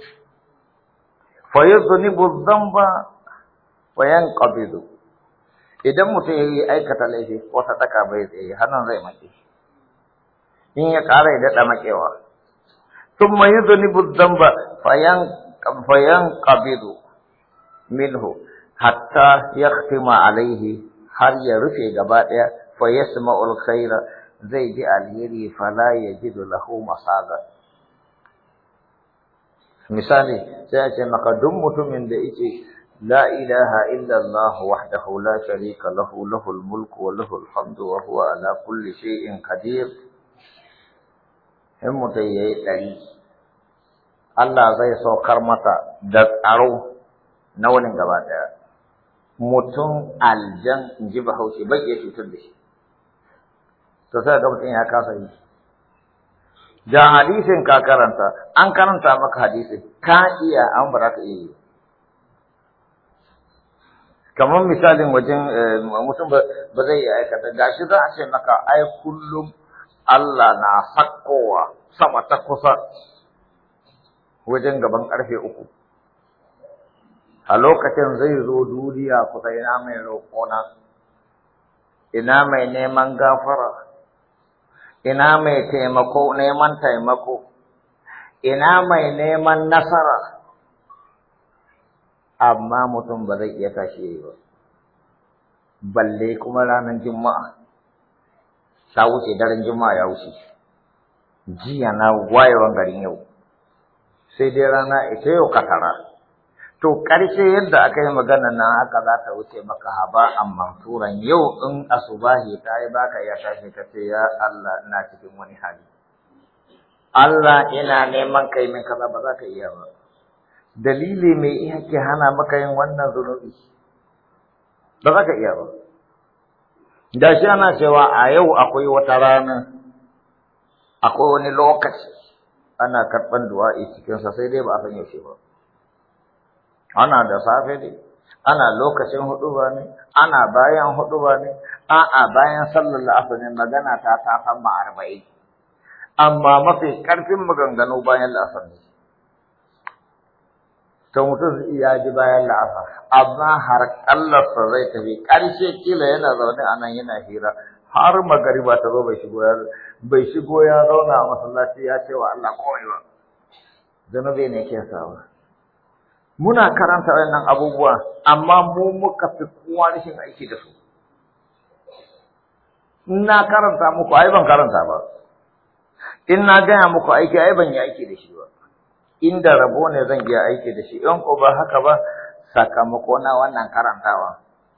fa yuznibu dhanba wa yanqabidu idan mutum ya yi aikata laifi ko sadaka bai tsaye hannun zai maƙe in ya ƙara ya daɗa maƙewa tun mai yi buddan ba fayan ƙabiru minhu hatta ya ktima alaihi har ya rufe gaba ɗaya fa ya khaira zai ji alheri fala ya ji da lahu masada misali sai a ce maka duk mutumin da yake لا إله إلا الله وحده لا شريك له له الملك وله الحمد وهو على كل شيء قدير himmata ya yi ɗari Allah zai saukar mata da tsaro na wani gaba ɗaya aljan in ji bahaushe bai iya cutar da shi to sai ya kasa yi da hadisin ka karanta an karanta maka hadisin ka iya an kamar misalin wajen eh, mutum ba zai yi aikata shi za a ce maka ai kullum Allah na sakkowa sama ta kusa wajen gaban karfe uku a lokacin zai zo duniya kusa ina mai roƙona ina mai neman gafara ina mai taimako neman taimako ina mai neman nasara amma mutum ba zai iya tashi yayi ba balle kuma ranar juma'a ta wuce daren juma'a ya wuce jiya na wayewan garin yau sai dai rana ita yau katara to ƙarshe yadda aka yi magana na haka za ta wuce maka haba amma turan yau in asubahi ta yi baka ya tashi ka ce ya Allah na cikin wani hali Allah ina neman kai min kaza ba za ka iya ba dalili mai iya ke hana maka yin wannan zunubi ba za ka iya ba da shi ana cewa a yau akwai wata rana akwai wani lokaci ana karɓar du'a'i cikinsa sai dai ba a san yaushe ba ana da safe dai. ana lokacin hudu ba ne ana bayan hudu ba ne a'a bayan sallar la'asar magana ta ta san amma mafi ƙarfin maganganu bayan la'asar ne to mutum ya ji bayan la'afa amma har kallarsa zai tafi ƙarshe kila yana zaune a nan yana hira har ba ta zo bai shigo ya bai shigo ya zauna a masallaci ya ce wa Allah kawai ba zanubi ne ke sawa muna karanta wannan abubuwa amma mu muka fi kowa rashin aiki da su ina karanta muku ai ban karanta ba in na gaya muku aiki ai ban yi aiki da shi ba inda rabo ne zan iya aiki da shi in ko ba haka ba sakamako na wannan karantawa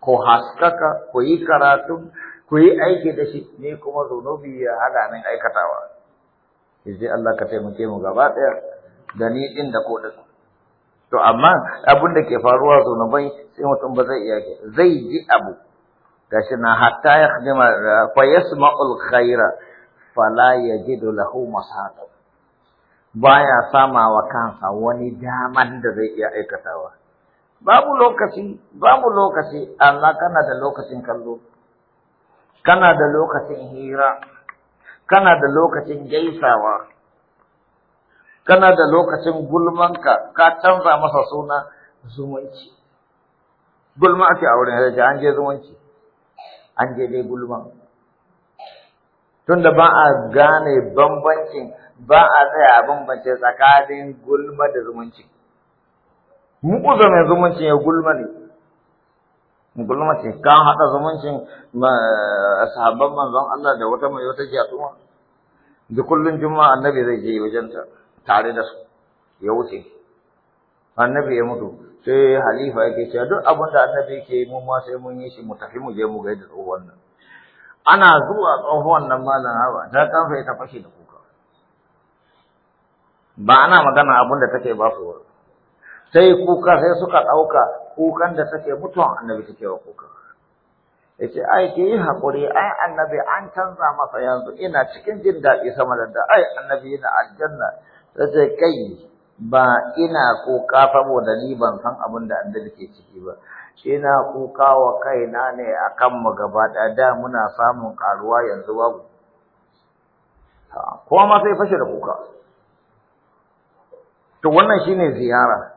ko haskaka ku yi karatu ku yi aiki da shi ne kuma zunubi ya hada min aikatawa yaje Allah ka taimake mu gaba daya da ni din da ko da to amma abin da ke faruwa zunubai sai mutum ba zai iya ke. zai ji abu gashi na hatta ya khadima fa yasma'ul khaira fala yajidu lahu masata baya samawa kansa wani daman da zai iya aikatawa. Babu lokaci, babu lokaci, amma kana da lokacin kallo, kana da lokacin hira, kana da lokacin gaisawa, kana da lokacin gulmanka, ka canza masa suna zumunci. Gulma ake a wurin an je zumunci, an je dai gulman. tunda ba a gane bambancin ba a tsaya a bambance tsakanin gulma da zumunci kusa mai zumuncin ya gulma ne gulma ce kan haɗa zumuncin sahabban manzon Allah da wata mai wata jiya. da kullun juma'a annabi zai je wajenta tare da su ya wuce annabi ya mutu sai halifa yake cewa duk abin da annabi yake yi mu ma sai mun yi shi mu tafi mu je mu gaida tsohon nan ana zuwa tsohuwan nan malam hawa ta kanfa ita fashe da kuka ba ana magana abin da take ba su sai kuka sai suka ɗauka kukan da take mutuwan annabi take wa kuka yace ai ke yi hakuri ai annabi an canza masa yanzu ina cikin jin daɗi sama da ai annabi yana aljanna tace kai ba ina kuka saboda ni ban san abin da annabi ke ciki ba ina kuka wa kaina ne akan kanmu gaba ɗaya da muna samun ƙaruwa yanzu babu kowa ma sai fashe da kuka to wannan shine ziyara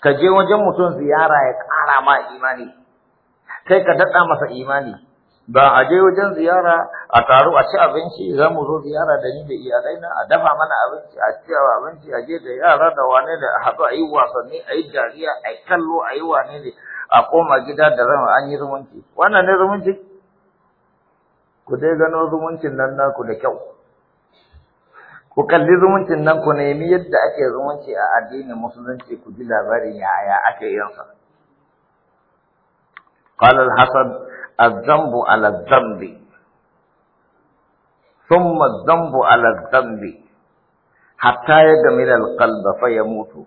ka je wajen mutum ziyara ya ƙara ma imani kai ka daɗa masa imani ba a je wajen ziyara a taru a ci abinci za mu zo ziyara da ni da iyalai na a dafa mana abinci a ci abinci a je da yara da wane da haɗu a yi wasanni a yi dariya a yi kallo a yi wane ne a koma gida da rama an yi zumunci wannan ne zumunci ku dai gano zumuncin nan naku da kyau ku kalli zumuncin nan ku nemi yadda ake zumunci a addinin musulunci ku ji labarin yaya ake yin sa قال الحسن الذنب Zambu ala Zambi, hatta على الذنب al-qalba fa yamutu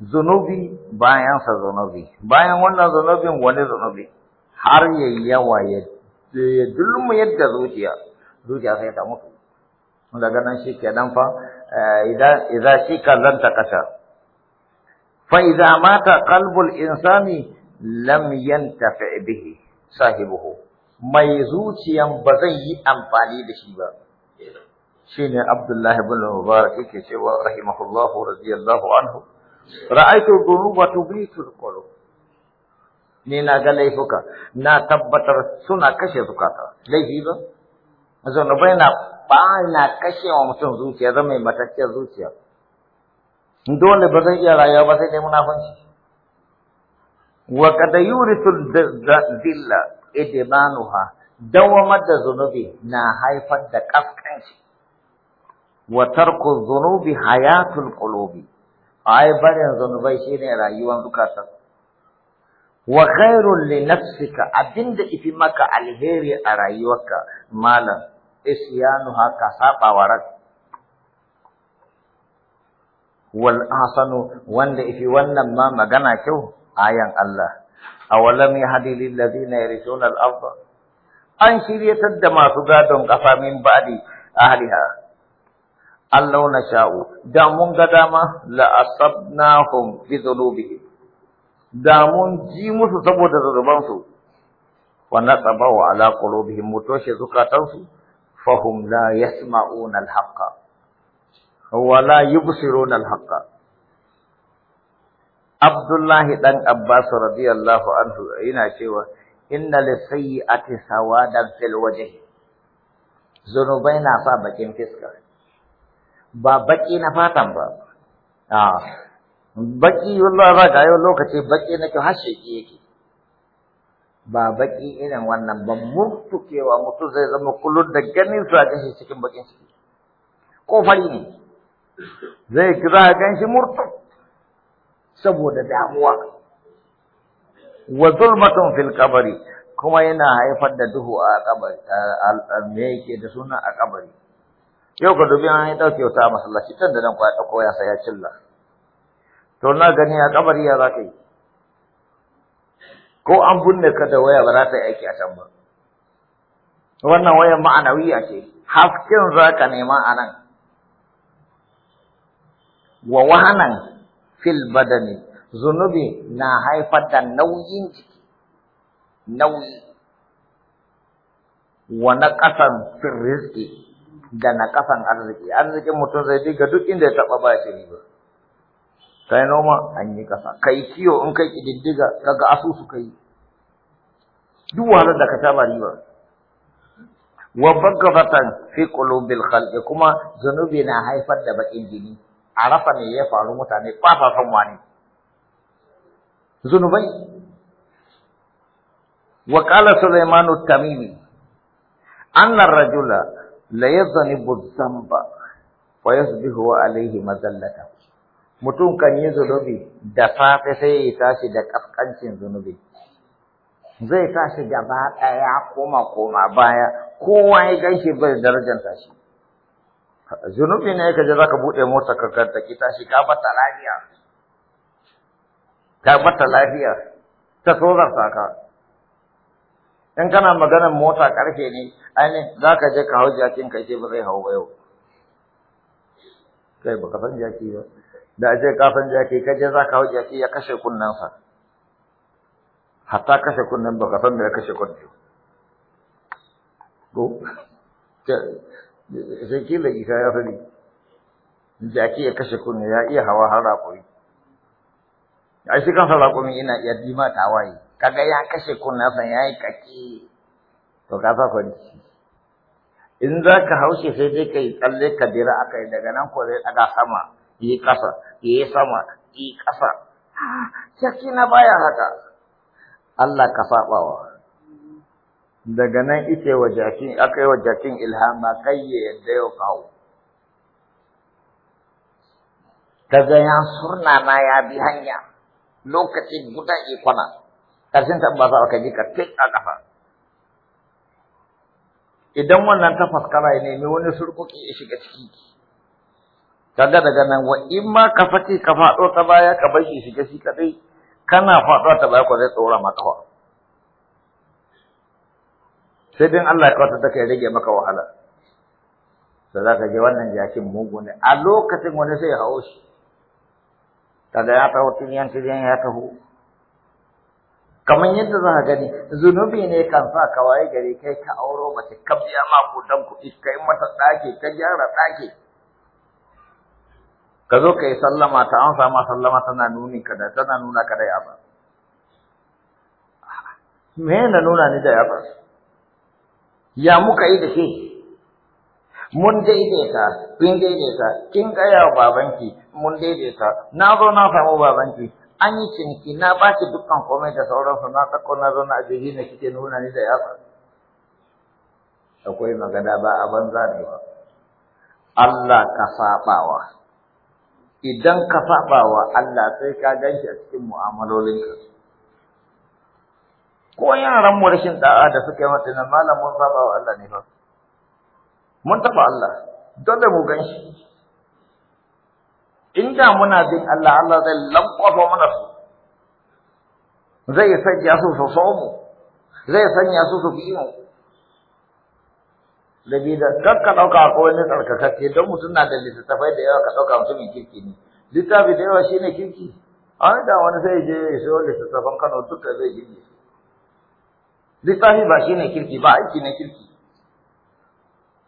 zunubi bayansa zunubi bayan wannan zunubin wani zunubi har ya yawa ya dulmu yadda zuciya zuciya sai ta mutu daga nan shi kenan fa eh, idan shi kallon ta kasa fa idza mata kalbul insani lam yantafi bihi sahibuhu mai zuciyan ba zai yi amfani da shi ba shine abdullahi ibn mubarak yake cewa rahimahullahu radiyallahu anhu ra'aitu dhunuba tubitul qulub ni na ga laifuka na tabbatar suna kashe zukata laifi ba zunubai na na kashe wa mutum zuciya zama mai matakkiyar zuciya dole ba zan iya rayuwa ba sai dai munafanci wa kad yurisu dhilla idmanuha dawamar da zunubi na haifar da kaskanci wa tarku dhunubi hayatul qulubi ai barin shi ne rayuwar zukatan wa khairul li nafsika abinda ifi maka alheri a rayuwarka malam isyanu haka saba wa rak wal ahsanu wanda ifi wannan ma magana kyau ayan Allah awalam yahdi lil ladina yarithuna al-ardh an shiryatar da masu gadon kafa min ba'di ahliha Allah na sha'u, da mun ga dama la'asabnahum bi dhunubihim. Da mun ji musu saboda zunubansu wa nasabahu ala qulubihim mutoshe zukatansu fahum la yasma'una al-haqqa wa la yubsiruna al-haqqa. Abdullahi ɗan Abbas radiyallahu anhu yana cewa inna lisayyi'ati don fil waje. Zunubai na sa bakin fiska. ba baki na fatan ba a baki wallahi ba ga lokaci baki na kyau hashe ki yake ba baki irin wannan ba kewa mutu zai zama kullum da ganin su a ganshi cikin bakin ciki ko ne zai za a ganshi murtu saboda damuwa wa zulmatun fil kabari kuma yana haifar da duhu a kabari me yake da suna a kabari yau ka dubi an yi ɗauke wata masallaci can da nan kwa ɗauko ya saya cilla to na gani a kabari ya za ka yi ko an binne ka da waya ba za ta yi aiki a can ba wannan wayan ma'anawiya ce Hafkin za ka nema a nan wa wahanan fil badani zunubi na haifar da nauyin jiki nauyi wa na ƙasan fil rizki da na kafan arziki arzikin mutum zai diga duk inda ya taba ba shi riba kai noma an yi kasa kai kiyo in kai kididdiga kaga asusu kai duk wahalar da ka taba riba wa bagabatan fi qulubil khalqi kuma zunubi na haifar da bakin jini arafa ne ya faru mutane kwafafan wani zunubai wa qala sulaimanu tamimi anna rajula la yadhnibu dhanba wa yasbihu alaihi mazallata mutum kan yi zunubi da safe sai ya tashi da kaskancin zunubi zai tashi gaba ɗaya koma koma baya kowa ya ganshi bai darajar tashi zunubi ne ka je zaka buɗe mota ka ki tashi ka bata lafiya ka bata lafiya ta tsorarta Saka. in kana maganar mota karfe ne ainihin za ka je ka hau jakin kai ce ba zai hau ba yau kai ba san jaki ba da a ce kafin jaki ka je za ka hau jaki ya kashe kunnensa hatta kashe kunnen ba san da ya kashe kunne ko sai da isa ya sani jaki ya kashe kunnan ya iya hawa har rakuri a shi kansa raƙumi ina iya dima tawaye kaga ya kashe kunnansa ya yi kaki to ka fa kwanci in za ka haushe sai dai ka yi tsalle ka dira a kai daga nan ko zai daga sama yi ƙasa yi sama yi ƙasa ah, shakki na baya haka Allah ka saɓawa daga nan ike wa jakin aka yi wa jakin ilhama kai ya yadda yau kawo kaga ya surna ma ya bi hanya lokacin guda ikona ƙarshen za ka ji ka tik a ƙafa idan wannan ta faskara ne ne wani surkuki ya shiga ciki kaga daga nan wa in ma ka fati ka faɗo ta baya ka bar shi shiga shi kadai kana faɗo ta baya ko zai tsora maka wa sai dai Allah ya kawata ta kai rage maka wahala da zaka ka je wannan jakin mugu ne a lokacin wani sai ya hawo shi kaga ya taho yan tuniyan ya taho kamar yadda za ka gani zunubi ne kan sa ka waye gari kai ka auro mace ka biya ma kudan kuɗi kai mata ɗaki ka gyara ɗaki ka zo ka yi sallama ta an sama sallama tana nuni ka da tana nuna ka da yaba me na nuna ni da yaba ya muka yi da shi mun daidaita kin daidaita kin ga wa babanki mun daidaita na zo na samu babanki an yi ciniki na ba ki dukkan komai da sauransu na tsakko na zauna a jirgi na kike nuna ni da yatsa akwai magana ba a banza ne ba Allah ka saɓawa idan ka saɓawa Allah sai ka ganshi a cikin mu'amalolinka ko yaran mu rashin da'a da suka yi mata nan malam mun saɓawa Allah ne ba mun taɓa Allah dole mu ganshi inda muna bin Allah Allah zai lankwafa mana su zai sanya su su so mu zai sanya su su fi mu Dabida, da kakka ɗauka ko wani tsarkakakke don mutum na da littattafai da yawa ka ɗauka mutumin kirki ne. Littafi da yawa shine kirki. an wani da wani sai je ya sayo littattafan Kano duka zai yi Littafi ba shine kirki ba aiki na kirki.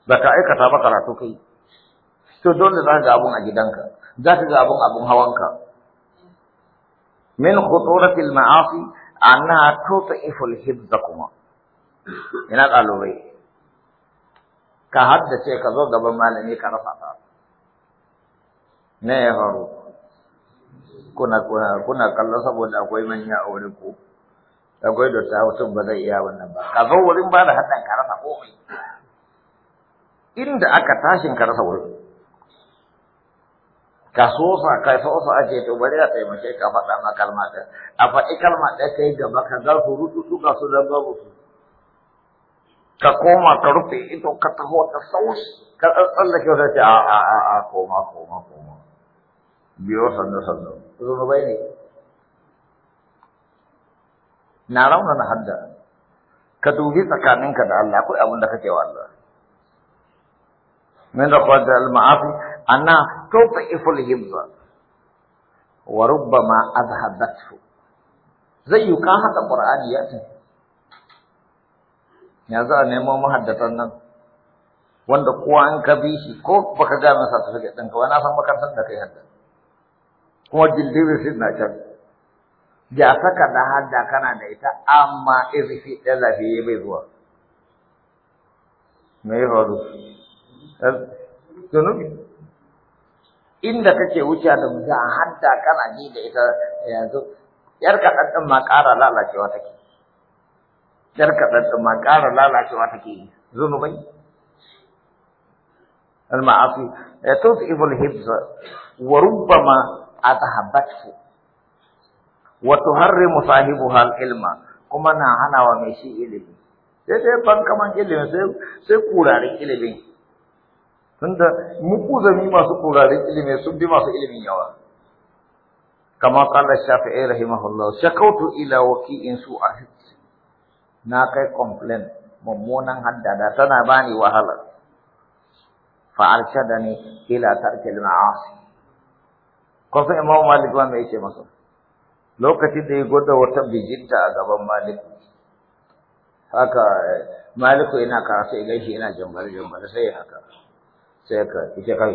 Ba ka aikata ba karatu kai. To dole za ka ga abun a gidanka. za ka ga abun abun hawanka min khuturatil ma'asi annaha tut'iful hibza kuma ina ɗalibai ka haddace ka zo gaban malami ka rasa ta ne ya faru kuna kuna kallo saboda akwai manya a wurin ku akwai ta mutum ba zai iya wannan ba ka zo wurin ba da haddan ka rasa komai inda aka tashin ka rasa wurin ka so sa ka so sa ake to bari a mace ka faɗa ma kalma ta. a faɗi kalma ɗaya kai ga ka ga su rutu su ga su babu su ka koma ka rufe ido ka taho ka sauri ka ke wata ce a a a a koma koma koma biyo sannu sannu bai ne na rauna na hadda ka dubi tsakaninka da Allah akwai abin da kake wa Allah min da kwadda maafi أنها hibza. wa rubbama أذهبته zai yi ka hada qur'ani ya ce ya za a nemo muhaddatan nan wanda kowa an ka bi shi ko baka ga masa ta shiga ɗinka na san makarantar da kai hadda kuma dildiri shi na can Ya saka da hadda kana da ita amma irifi ɗaya lafiya bai zuwa me ya faru zunubi inda kake wuce da mutum a hadda kana ji da ita yanzu yar kaɗan ma ƙara lalacewa take yar kaɗan ma ƙara lalacewa take zunubai al-ma'asi ya eh, tusu ibul hibza wa rubbama atahabbatu wa re musahibu al-ilma kuma na hana wa mai shi ilimi sai dai ban kaman ilimin sai kurarin ilimi. tunda zami masu ƙorarin ilimi sun bi masu ilimin yawa kama kala shafi'i rahimahullah shakautu ila waki'in su a na kai complain mummunan haddada tana bani wahala fa arshadani ila tarkil ma'asi kun san imamu malik ba mai ce masa lokacin da ya gwada wata bijinta a gaban malik haka maliku yana karatu ya gaishe yana jambar jambar sai haka sai ka ce kai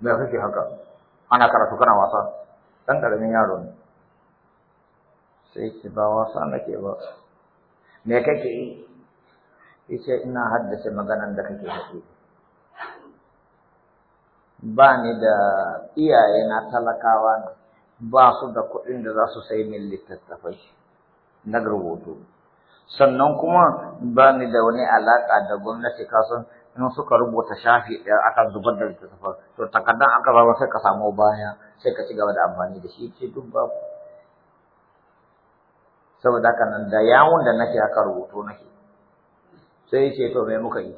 me kake haka ana karatu kana wasa dan karamin yaro ne sai ce ba wasa nake ba me kake yi yace ina haddace maganan da kake haɗe ba ni da iyaye na talakawa ba su da kuɗin da za su sai min littattafai na rubutu sannan kuma ba ni da wani alaƙa da gwamnati kasan in suka rubuta shafi ɗaya aka zubar da littattafan to takardan aka zama sai ka samu baya sai ka ci gaba da amfani da shi ce duk babu saboda haka nan da yawon da nake aka rubuto nake sai ce to me muka yi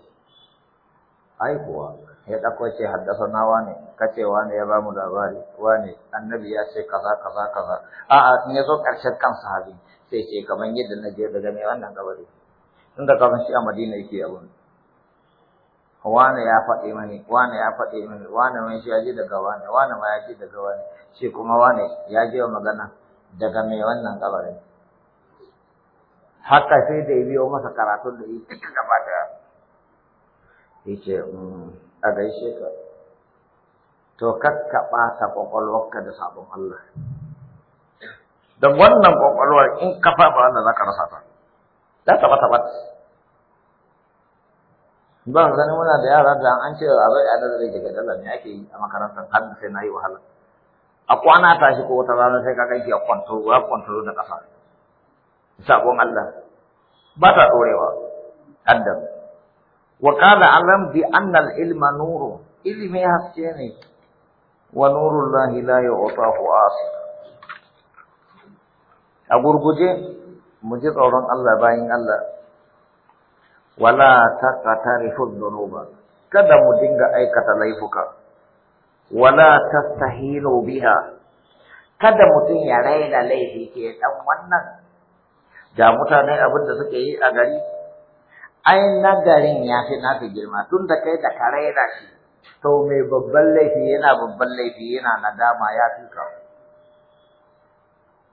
ai kuwa ya ɗauko ce haddasa na wane ce wane ya bamu labari wane annabi ya ce kaza kaza kaza a'a in ya zo ƙarshen kan sahabi sai ce kamar yadda na je daga mai wannan gabari tun da kafin shi a madina yake abin wane ya faɗe mani wane ya faɗe mani wane mai shi ya ji daga wane wane ma ya ji daga wane shi kuma wane ya ji magana daga mai wannan kabarin haka sai da ya biyo masa karatun da ya duka gaba da ya ce mm, a gaishe ka to kakka ɓata kwakwalwarka da sabon Allah da wannan ƙwaƙwalwar in kafa ba wanda za ka rasa ta za ta bata bata ban zani muna da yara da an ce a adada da daga dala ne ake yi a makarantar har sai na yi wahala a kwana tashi ko wata rana sai ka ganki a kwantar ba kwantar da kafa sabon Allah ba ta dorewa adam wa qala alam bi anna al ilma nuru ilmi haske ne wa nuru lahi la yu'tahu asi a gurguje mu ji tsoron Allah bayin Allah wala taqtarifu dhunuba kada mu dinga aikata laifuka wala tastahilu biha kada mutum ya raina laifi ke dan wannan da mutane abin da suke yi a gari ai nagarin ya fi naka girma tun da kai da ka raina shi to mai babban laifi yana babban laifi yana nadama ya fi ka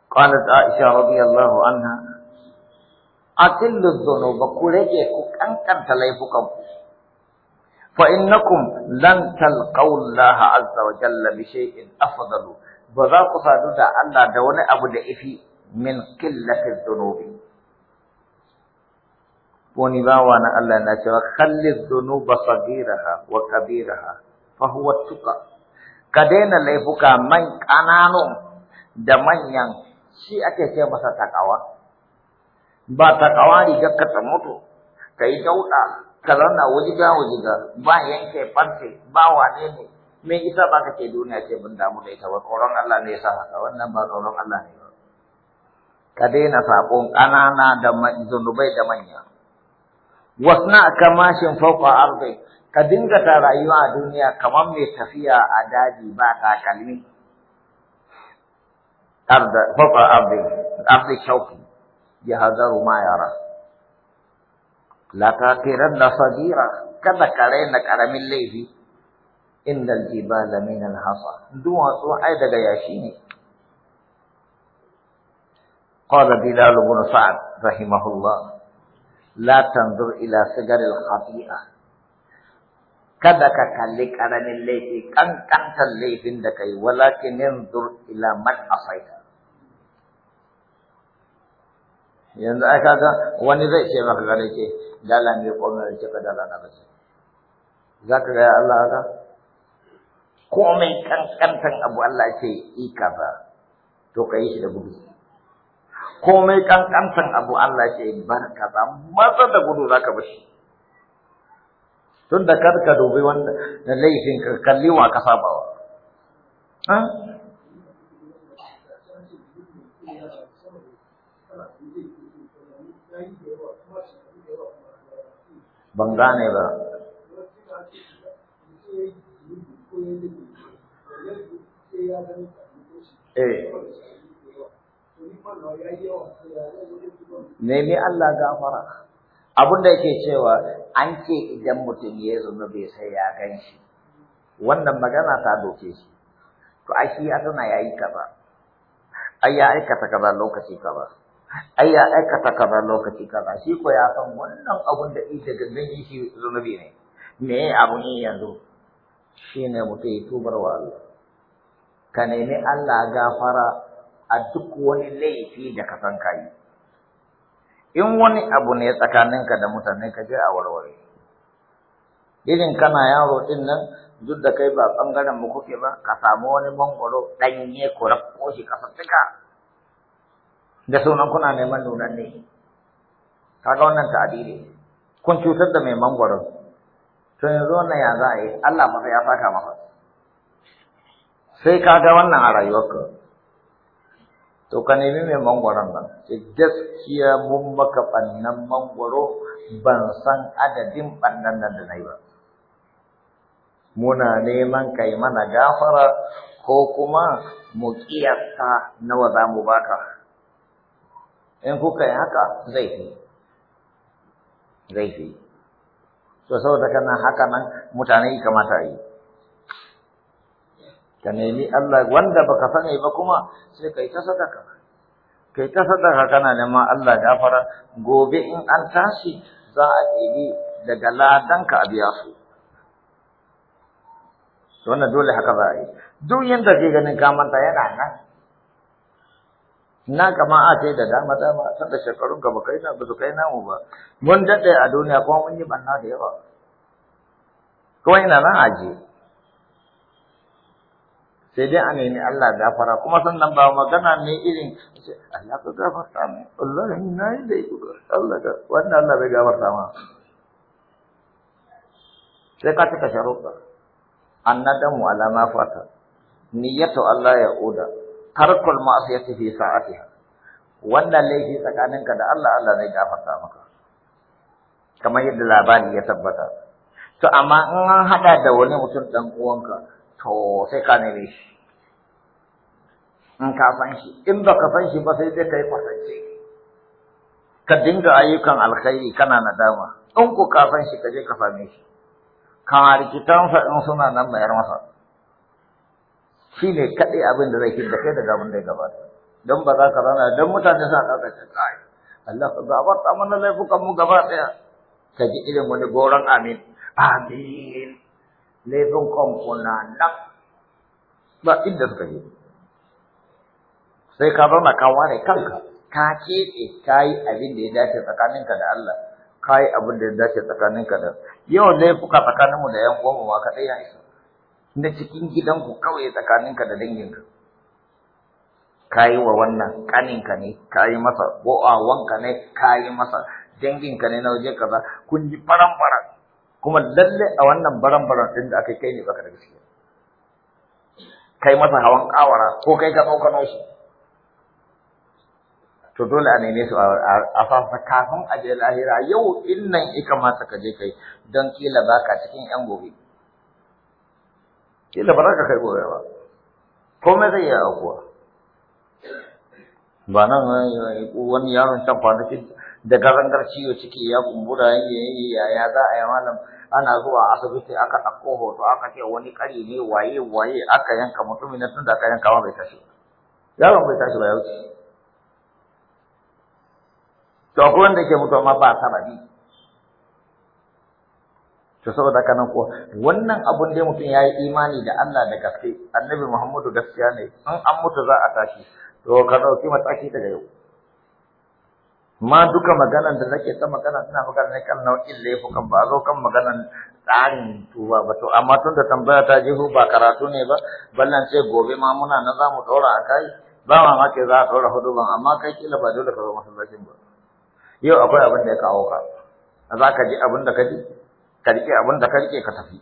قالت عائشة رضي الله عنها atillu dhunuba ku rage ku laifukan ku fa innakum lan talqaw Allah azza wa jalla bi shay'in afdalu ba za ku sadu da Allah da wani abu da ifi min qillati dhunubi wani bawa na Allah na cewa kalli dhunuba sagiraha wa kabiraha fa huwa tuqa ka daina laifuka man ƙananun da manyan shi ake ce masa takawa ba ta kawari ga ka ta mutu ka yi dauɗa ka zauna wajiga wajiga ba yanke farce ba wane ne me isa ba ka ce duniya ce ban damu da ita ba tsoron Allah ne ya sa haka wannan ba tsoron Allah ne ba ka daina saƙon ƙanana da zunubai da manya wasna kamashin fauka arzi ka dinga ta rayuwa a duniya kamar mai tafiya a daji ba takalmi fauka arzi arzi shauki يهذر ما يرى لا تاكرن صغيرة كذا كرينك على من ليفي إن الجبال من الحصى دوها سوى عيدا ياشيني قال بلال بن سعد رحمه الله لا تنظر إلى سجر الخطيئة كذا ka kalli ƙaramin laifi ƙanƙantar laifin da kai walakin yanzur ila man asaita yanzu ai kaga wani zai ce maka gare ce dala mai komai ce ka dala na bace zaka ga Allah haka komai kankantan abu Allah ce i kaza to kai shi da gudu komai kankantan abu Allah ce bar kaza maza da gudu zaka bar shi tun da kar dubi wanda da laifin kalliwa kalli ka sabawa ban gane ba eh nemi Allah gafara Abunda da yake cewa an ce idan mutum ya bai sai ya gan shi wannan magana ta doke shi to a shi ya tana yi kaza ai aikata kaza lokaci kaza ai ya aikata kaza lokaci kaza shi ko ya san wannan abun da ita gangan yi shi zunubi ne me abu ne yanzu shine mutum ya tubar wa Allah ka nemi Allah gafara a duk wani laifi da ka san kai in wani abu ne tsakaninka da mutane ka je a warware irin kana yaro din nan duk da kai ba bangaren mu kuke ba ka samu wani mangoro danye ko rakko shi ka da sunan kuna neman nunan ne kaga wannan ta'adili kun cutar da mai mangwaron to yanzu wannan ya za a yi Allah ba ya saka maka sai kaga wannan a rayuwarka to ka nemi mai mangwaron nan ce gaskiya mun maka ɓannan mangwaro ban san adadin ɓannan nan da na yi ba muna neman kai mana gafara ko kuma mu kiyasta nawa za mu baka in kuka yi haka zai fi zai fi to saboda kana haka nan mutane kamata yi ka nemi Allah wanda baka sani ba kuma sai kai ta sadaka kai ta sadaka kana neman Allah gafara gobe in an tashi za a ɗebi daga ladanka a biya su wannan dole haka za a yi duk yadda ke ganin kamanta yana nan na kama a ce da dama dama san da shekarun ka kai na basu kai namu ba mun dade a duniya kuma mun yi banna da yawa kuma ina nan aje sai dai a nemi Allah gafara kuma sannan ba magana ne irin Allah ka gafarta mu Allah na yi da Allah ka wannan Allah bai gafarta ma sai ka cika sharuɗa annadamu ala ma fata niyyatu Allah ya oda tarkul ma'asiyati fi sa'atiha wannan laifi tsakaninka da Allah Allah zai gafarta maka kamar yadda labari ya tabbata to amma in an hada da wani mutum dan uwanka to sai ka neme shi in ka san shi in baka san shi ba sai dai kai kwatance ka dinga ayyukan alkhairi kana nadama in ku ka san shi ka je ka same shi kan rikitansa in suna nan mayar masa shi ne kaɗai abin da zai da kai daga abin da ya gabata don ba za ka zana don mutane sa ɗaukar shi kai Allah ka gabata mana laifukan mu gaba ɗaya ka ji irin wani goron amin amin laifin kwamfuna nan ba inda suka yi sai ka zama ka ware kanka ka keɓe ka yi abin da ya dace tsakaninka da Allah ka yi abin da ya dace tsakaninka da yawan laifuka tsakaninmu da yan uwanmu ma kaɗai ya isa na cikin gidanku kawai tsakaninka da danginka kayi wa wannan kaninka ne kayi masa ko a wanka ne kayi masa danginka ne na waje kaza kun ji faran faran kuma lalle a wannan baran baran din da aka kai ne baka da gaskiya kai masa hawan kawara ko kai ka tsokano shi to dole a neme su a fasa kafin a je lahira yau innan ika mata ka je kai don kila baka cikin yan gobe kila ba za ka kai gobe ba komai zai iya aukuwa ba nan eh, wani yaron can kwanaki da garangar ciwo ciki ya kumbura ya ya za a yi malam ana zuwa asibiti aka ɗauko hoto aka ce wani ƙari ne waye waye aka yanka mutumin nan tun da aka yanka ma bai tashi yaron bai tashi ba ya wuce to akwai wanda ke mutuwa ma ba sababi to saboda haka nan ko wannan abun da mutum yayi imani da Allah da gaske annabi Muhammadu gaskiya ne in an mutu za a tashi to ka dauki mataki daga yau ma duka maganan da nake ta magana ina magana ne kan nau'in laifukan ba zo kan maganan tsarin tuba ba to amma tun da tambaya ta jihu ba karatu ne ba ballan ce gobe ma muna na za mu ɗora a kai ba mamaki za a ɗora hudu ban amma kai kila ba dole ka zo masallacin ba yau akwai abin da ya kawo ka za ka ji abin da ka ji ka rike abin da ka rike ka tafi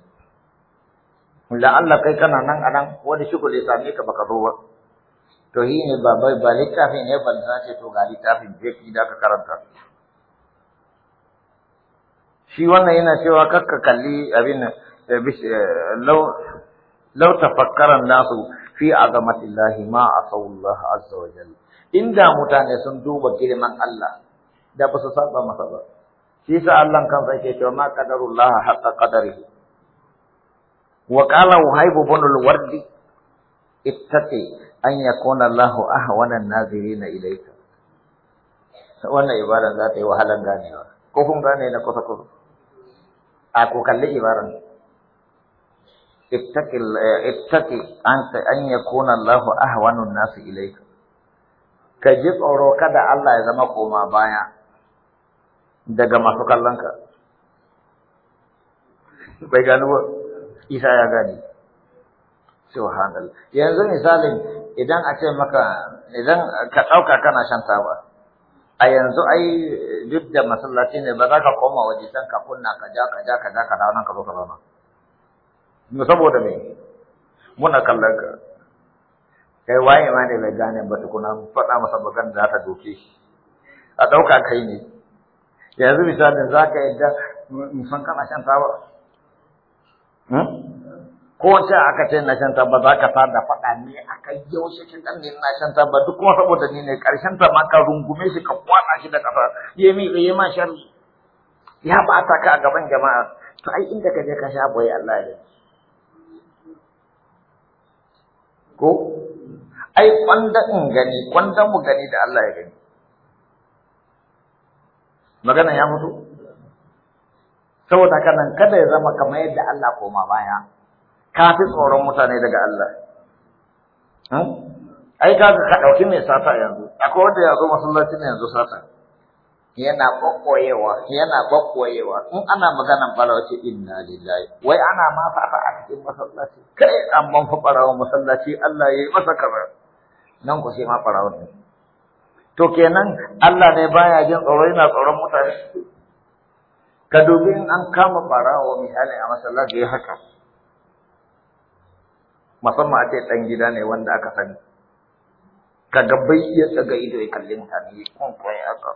la Allah kai kana nan a nan wani shugo da same ka baka zo ba to shi ne ba bai ba littafin ne ce to ga littafin je ki da ka karanta shi wannan yana cewa kakka kalli abin eh, eh, law law tafakkara nasu fi azamatillahi ma asallahu azza wa jalla inda mutane sun duba girman Allah da ba su saba masa ba shi sa Allah kansa yake cewa ma qadarullah haqqa qadarihi wa qala uhayb ibn al-ward ittaqi an yakuna Allah ahwana an-nazirin ilayka wannan ibara za ta yi wahalan ganewa ko kun gane na kusa kusa a ko kalli ibaran ittaqi ittaqi an an yakuna Allah ahwana an-nas ilayka ka ji tsoro kada Allah ya zama koma baya daga masu kallon ka bai gani ba isa ya gani subhanallah yanzu misalin idan a ce maka idan ka ɗauka kana shan taba a yanzu ai duk da masallaci ne ba za ka koma waje can ka kunna ka ja ka ja ka ja ka dawo nan ka zo ka zauna mu saboda me muna kallon ka kai waye ma ne bai gane ba tukuna faɗa masa bagan da za ta doke shi a ɗauka kai ne yanzu misalin za ka yadda musan kana shan taba hmm? ko ce aka ce na shan taba za ka da faɗa ne aka yaushe kin dan ne na shan taba duk kuma saboda ni ne karshen ta ma ka rungume shi ka kwana shi da kafa ya mi ya ma shan ya ta ka a gaban jama'a to ai inda ka je ka sha boye Allah ya ko ai kwanda in gani kwanda mu gani da Allah ya gani magana ya mutu saboda haka kada ya zama kamar yadda Allah koma baya ka fi tsoron mutane daga Allah hmm? ai ka ka dauki mai sata yanzu akwai wanda ya zo masallaci ne yanzu sata yana kokkoyewa yana kokkoyewa in ana magana farawace inna lillahi wai ana ma fata a cikin masallaci kai Amma fa farawo masallaci Allah yayi masa kabar nan ku sai ma farawo ne to kenan Allah ne baya jin tsoro yana tsoron mutane ka dubi in an kama barawa misali a masallaci ya haka musamman a ce ɗan gida ne wanda aka sani Ka gabai iya tsaga ido ya kalli mutane ya kwankwan ya haka.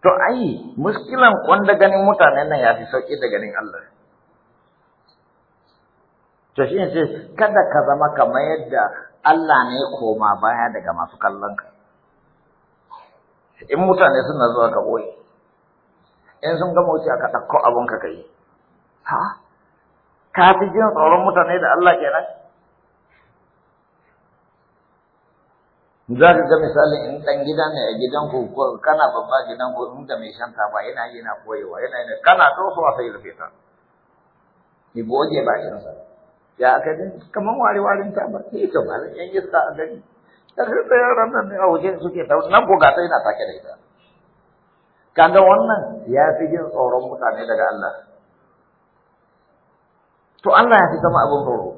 to ai muskilan wanda ganin mutanen nan ya fi sauƙi da ganin Allah to shi ne kada ka zama kamar yadda Allah ne koma baya daga masu kallon ka in mutane suna zuwa ka boye in sun gama wuce aka ɗauko abin ka kai ha ka fi jin tsoron mutane da Allah kenan za ka ga misali in ɗan gida ne a gidanku ko kana babba gidanku in da mai shan taba yana yana koyewa yana yana kana a sai rufe ta ni goge bakinsa ya aka din kaman wari warin ba ke to ba yan iska a gari kaga da nan a wajen suke ta nan ko gata yana take da ita kaga wannan ya fi jin tsoron mutane daga Allah to Allah ya fi zama abin tsoro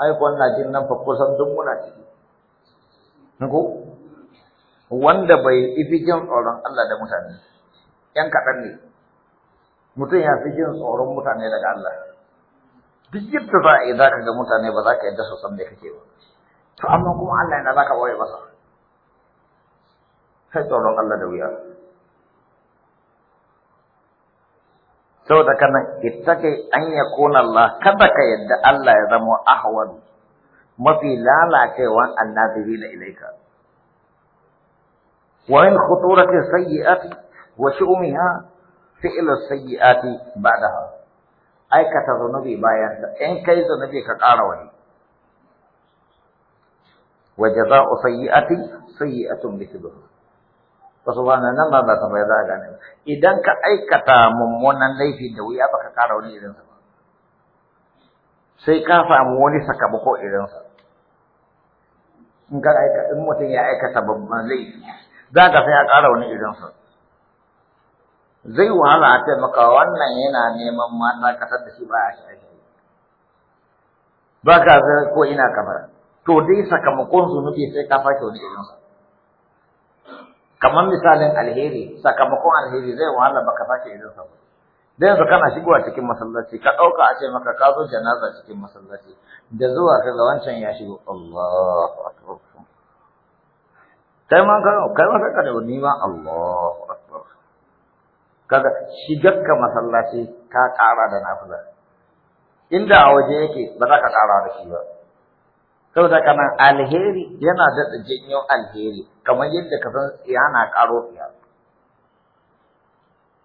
ai na jin nan fa kusan duk muna ciki nako wanda bai ifi jin tsoron Allah da mutane ‘yan kaɗan ne, mutum ya fi jin tsoron mutane daga Allah. duk yadda za a yi za ka ga mutane ba za ka yadda su san da kake ba to amma kuma Allah yana za ka ɓoye masa sai tsoron Allah da wuya saboda kana ittake an ya kona Allah kada ka yadda Allah ya zama ahwan mafi lalacewan annabiyina ilaika wa in khuturati sayyi'ati wa shu'umiha fi'lu sayyi'ati ba'daha aikata zunubi bayan ta in kai zunubi ka ƙara wani wa jaza'u sayyi'ati sayyi'atun mithluha fa subhanallah ba ba kamar za gane idan ka aikata mummunan laifi da wuya baka ƙara wani irin sa sai ka samu wani sakamako irin sa in ka in mutum ya aikata babban laifi za ka sai ya ƙara wani irin sa zai wahala a ce maka wannan yana neman mata kasar da shi ba a shi ba ka ko ina kamar to dai sakamakon zunubi sai ka fashe wani irin sa kamar misalin alheri sakamakon alheri zai wahala baka fashe irin sa ba dan yanzu kana shigowa cikin masallaci ka dauka a ce maka ka zo janaza cikin masallaci da zuwa ka ga wancan ya shigo Allahu akbar kai ma ka kai ma ka da ni ma Allahu akbar kaga ka masallaci ka ƙara da nafila inda a waje yake ba za ka ƙara da shi ba saboda kana alheri yana daɗa janyo alheri kamar yadda ka san yana ƙaro tsiya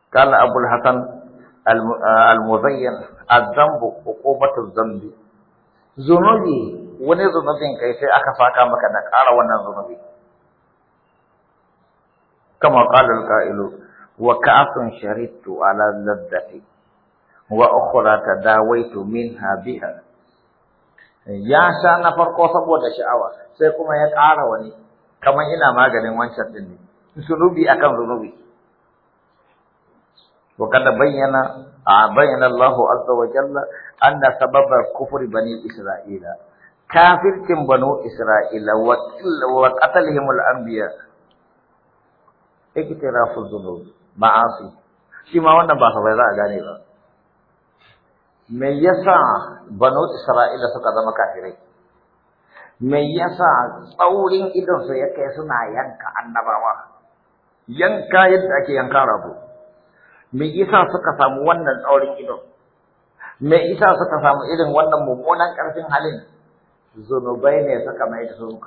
قال أبو الحسن المبين الذنب عقوبة الذنب ذنوبي wani zunubin kai sai aka saka maka da ƙara wannan zunubi kama qala al-qa'ilu وكأس شربت على اللذة وأخرى تداويت منها بها ya sha na farko saboda sha'awa sai kuma ya ƙara wani kamar ina maganin wancan din ne zunubi akan zunubi wa kada bayyana a bayyana Allahu azza wa jalla anna sababar kufri bani isra'ila kafircin banu isra'ila wa qatlihim al-anbiya iktirafu dhunub ma'asi shi ma wannan ba fa za a gane ba me yasa banu isra'ila suka zama kafirai me yasa tsaurin idon su yake suna yanka annabawa yanka yadda ake yanka rabu me yasa suka samu wannan tsaurin idan me yasa suka samu irin wannan mummunan karfin halin zunubai ne suka mai da su su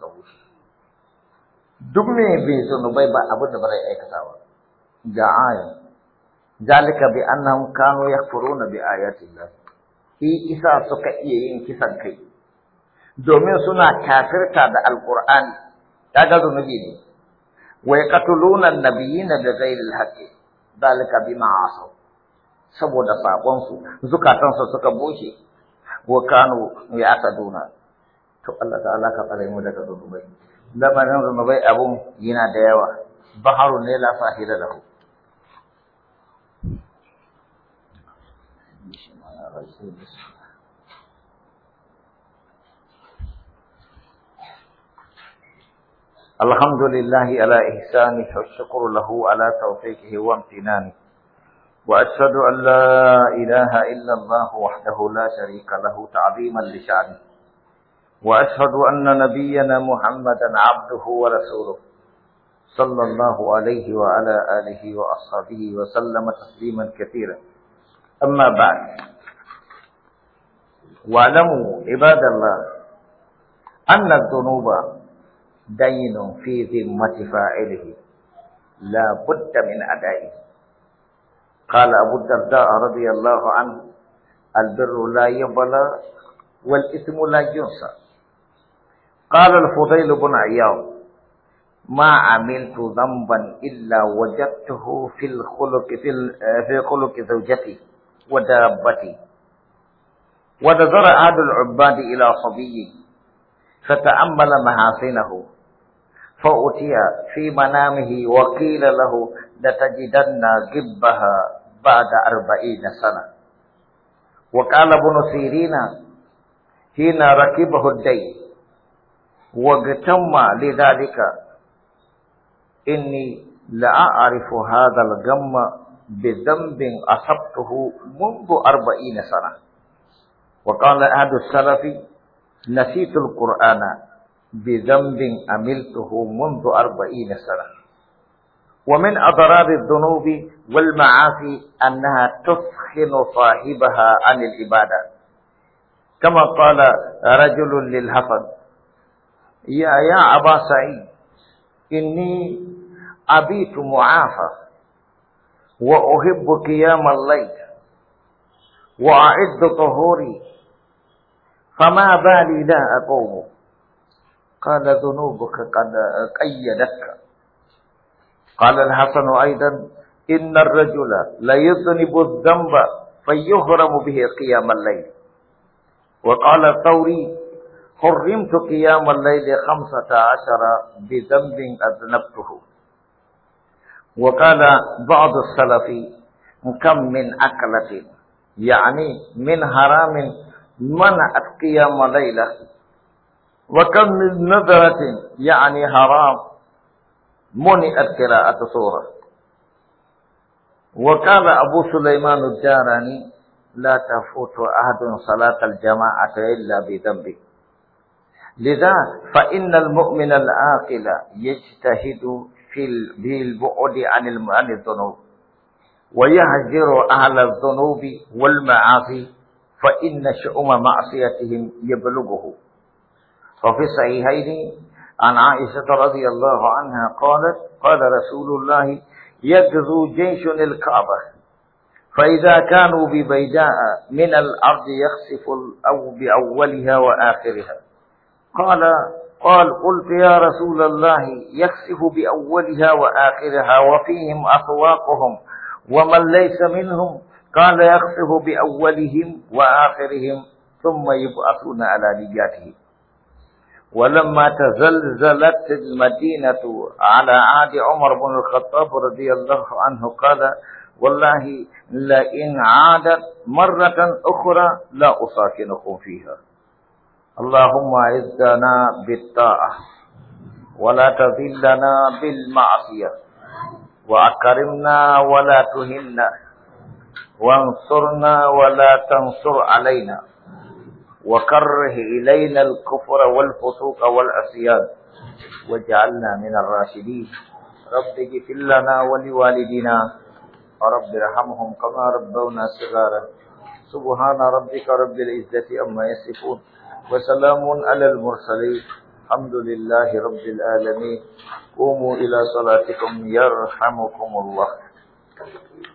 suka wuce duk me bin zunubai ba abin da ba zai aikata ba da aya zalika bi annahum kanu yakfuruna bi ayati Allah fi isa suka iya yin kisan kai domin suna kafirta da alqur'ani kaga zunubi ne wa yaqtuluna an-nabiyina bi ghayril haqqi zalika bima asaw saboda sakon su zukatan su suka bushe wa kanu ya'taduna to Allah ta'ala ka tsare mu daga zunubai lamarin zunubai abun yana da yawa baharu ne la fahira lahu الحمد لله على إحسانه والشكر له على توفيقه وامتنانه وأشهد أن لا إله إلا الله وحده لا شريك له تعظيما لشأنه وأشهد أن نبينا محمدا عبده ورسوله صلى الله عليه وعلى آله وأصحابه وسلم تسليما كثيرا أما بعد وَعَلَمُوا عباد الله أن الذنوب دين في ذمة فاعله لا بد من أدائه قال أبو الدرداء رضي الله عنه البر لا يبلى والإثم لا ينسى قال الفضيل بن عياض ما عملت ذنبا إلا وجدته في الخلق في, في خلق زوجتي ودابتي ونظر أحد العباد إلى صبي فتأمل محاسنه فأتي في منامه وقيل له لتجدن جبها بعد أربعين سنة وقال ابن سيرين حين ركبه الدين واغتم لذلك إني لأعرف هذا الغم بذنب أصبته منذ أربعين سنة وقال أحد السلف نسيت القرآن بذنب عملته منذ أربعين سنة ومن أضرار الذنوب والمعافي أنها تسخن صاحبها عن العبادة كما قال رجل للحفظ يا يا أبا سعيد إني أبيت معافى وأحب قيام الليل وأعد طهوري فما بالي لا أقوم قال ذنوبك قد قيدك قال الحسن أيضا إن الرجل ليذنب الذنب فيهرم به قيام الليل وقال الثوري حرمت قيام الليل خمسة عشر بذنب أذنبته وقال بعض السلف كم من أكلة يعني من حرام منعت قيام ليلة وكم من نذرة يعني حرام منعت قراءة سورة وقال أبو سليمان الجاراني لا تفوت أحد صلاة الجماعة إلا بذنبه لذا فإن المؤمن العاقل يجتهد في البعد عن عن الذنوب ويهجر أهل الذنوب والمعاصي فإن شؤم معصيتهم يبلغه وفي صحيحين عن عائشة رضي الله عنها قالت قال رسول الله يغزو جيش الكعبة فإذا كانوا ببيداء من الأرض يخسف أو بأولها وآخرها قال قال قلت يا رسول الله يخسف بأولها وآخرها وفيهم أسواقهم ومن ليس منهم قال يخسف بأولهم وآخرهم ثم يبعثون على نياته ولما تزلزلت المدينة على عاد عمر بن الخطاب رضي الله عنه قال والله لئن عادت مرة أخرى لا أساكنكم فيها اللهم أعزنا بالطاعة ولا تذلنا بالمعصية وأكرمنا ولا تهنا وانصرنا ولا تنصر علينا وكره إلينا الكفر والفسوق والعصيان واجعلنا من الراشدين رب اغفر لنا ولوالدينا رب ارحمهم كما ربونا صغارا سبحان ربك رب العزة عما يصفون وسلام على المرسلين الحمد لله رب العالمين قوموا إلى صلاتكم يرحمكم الله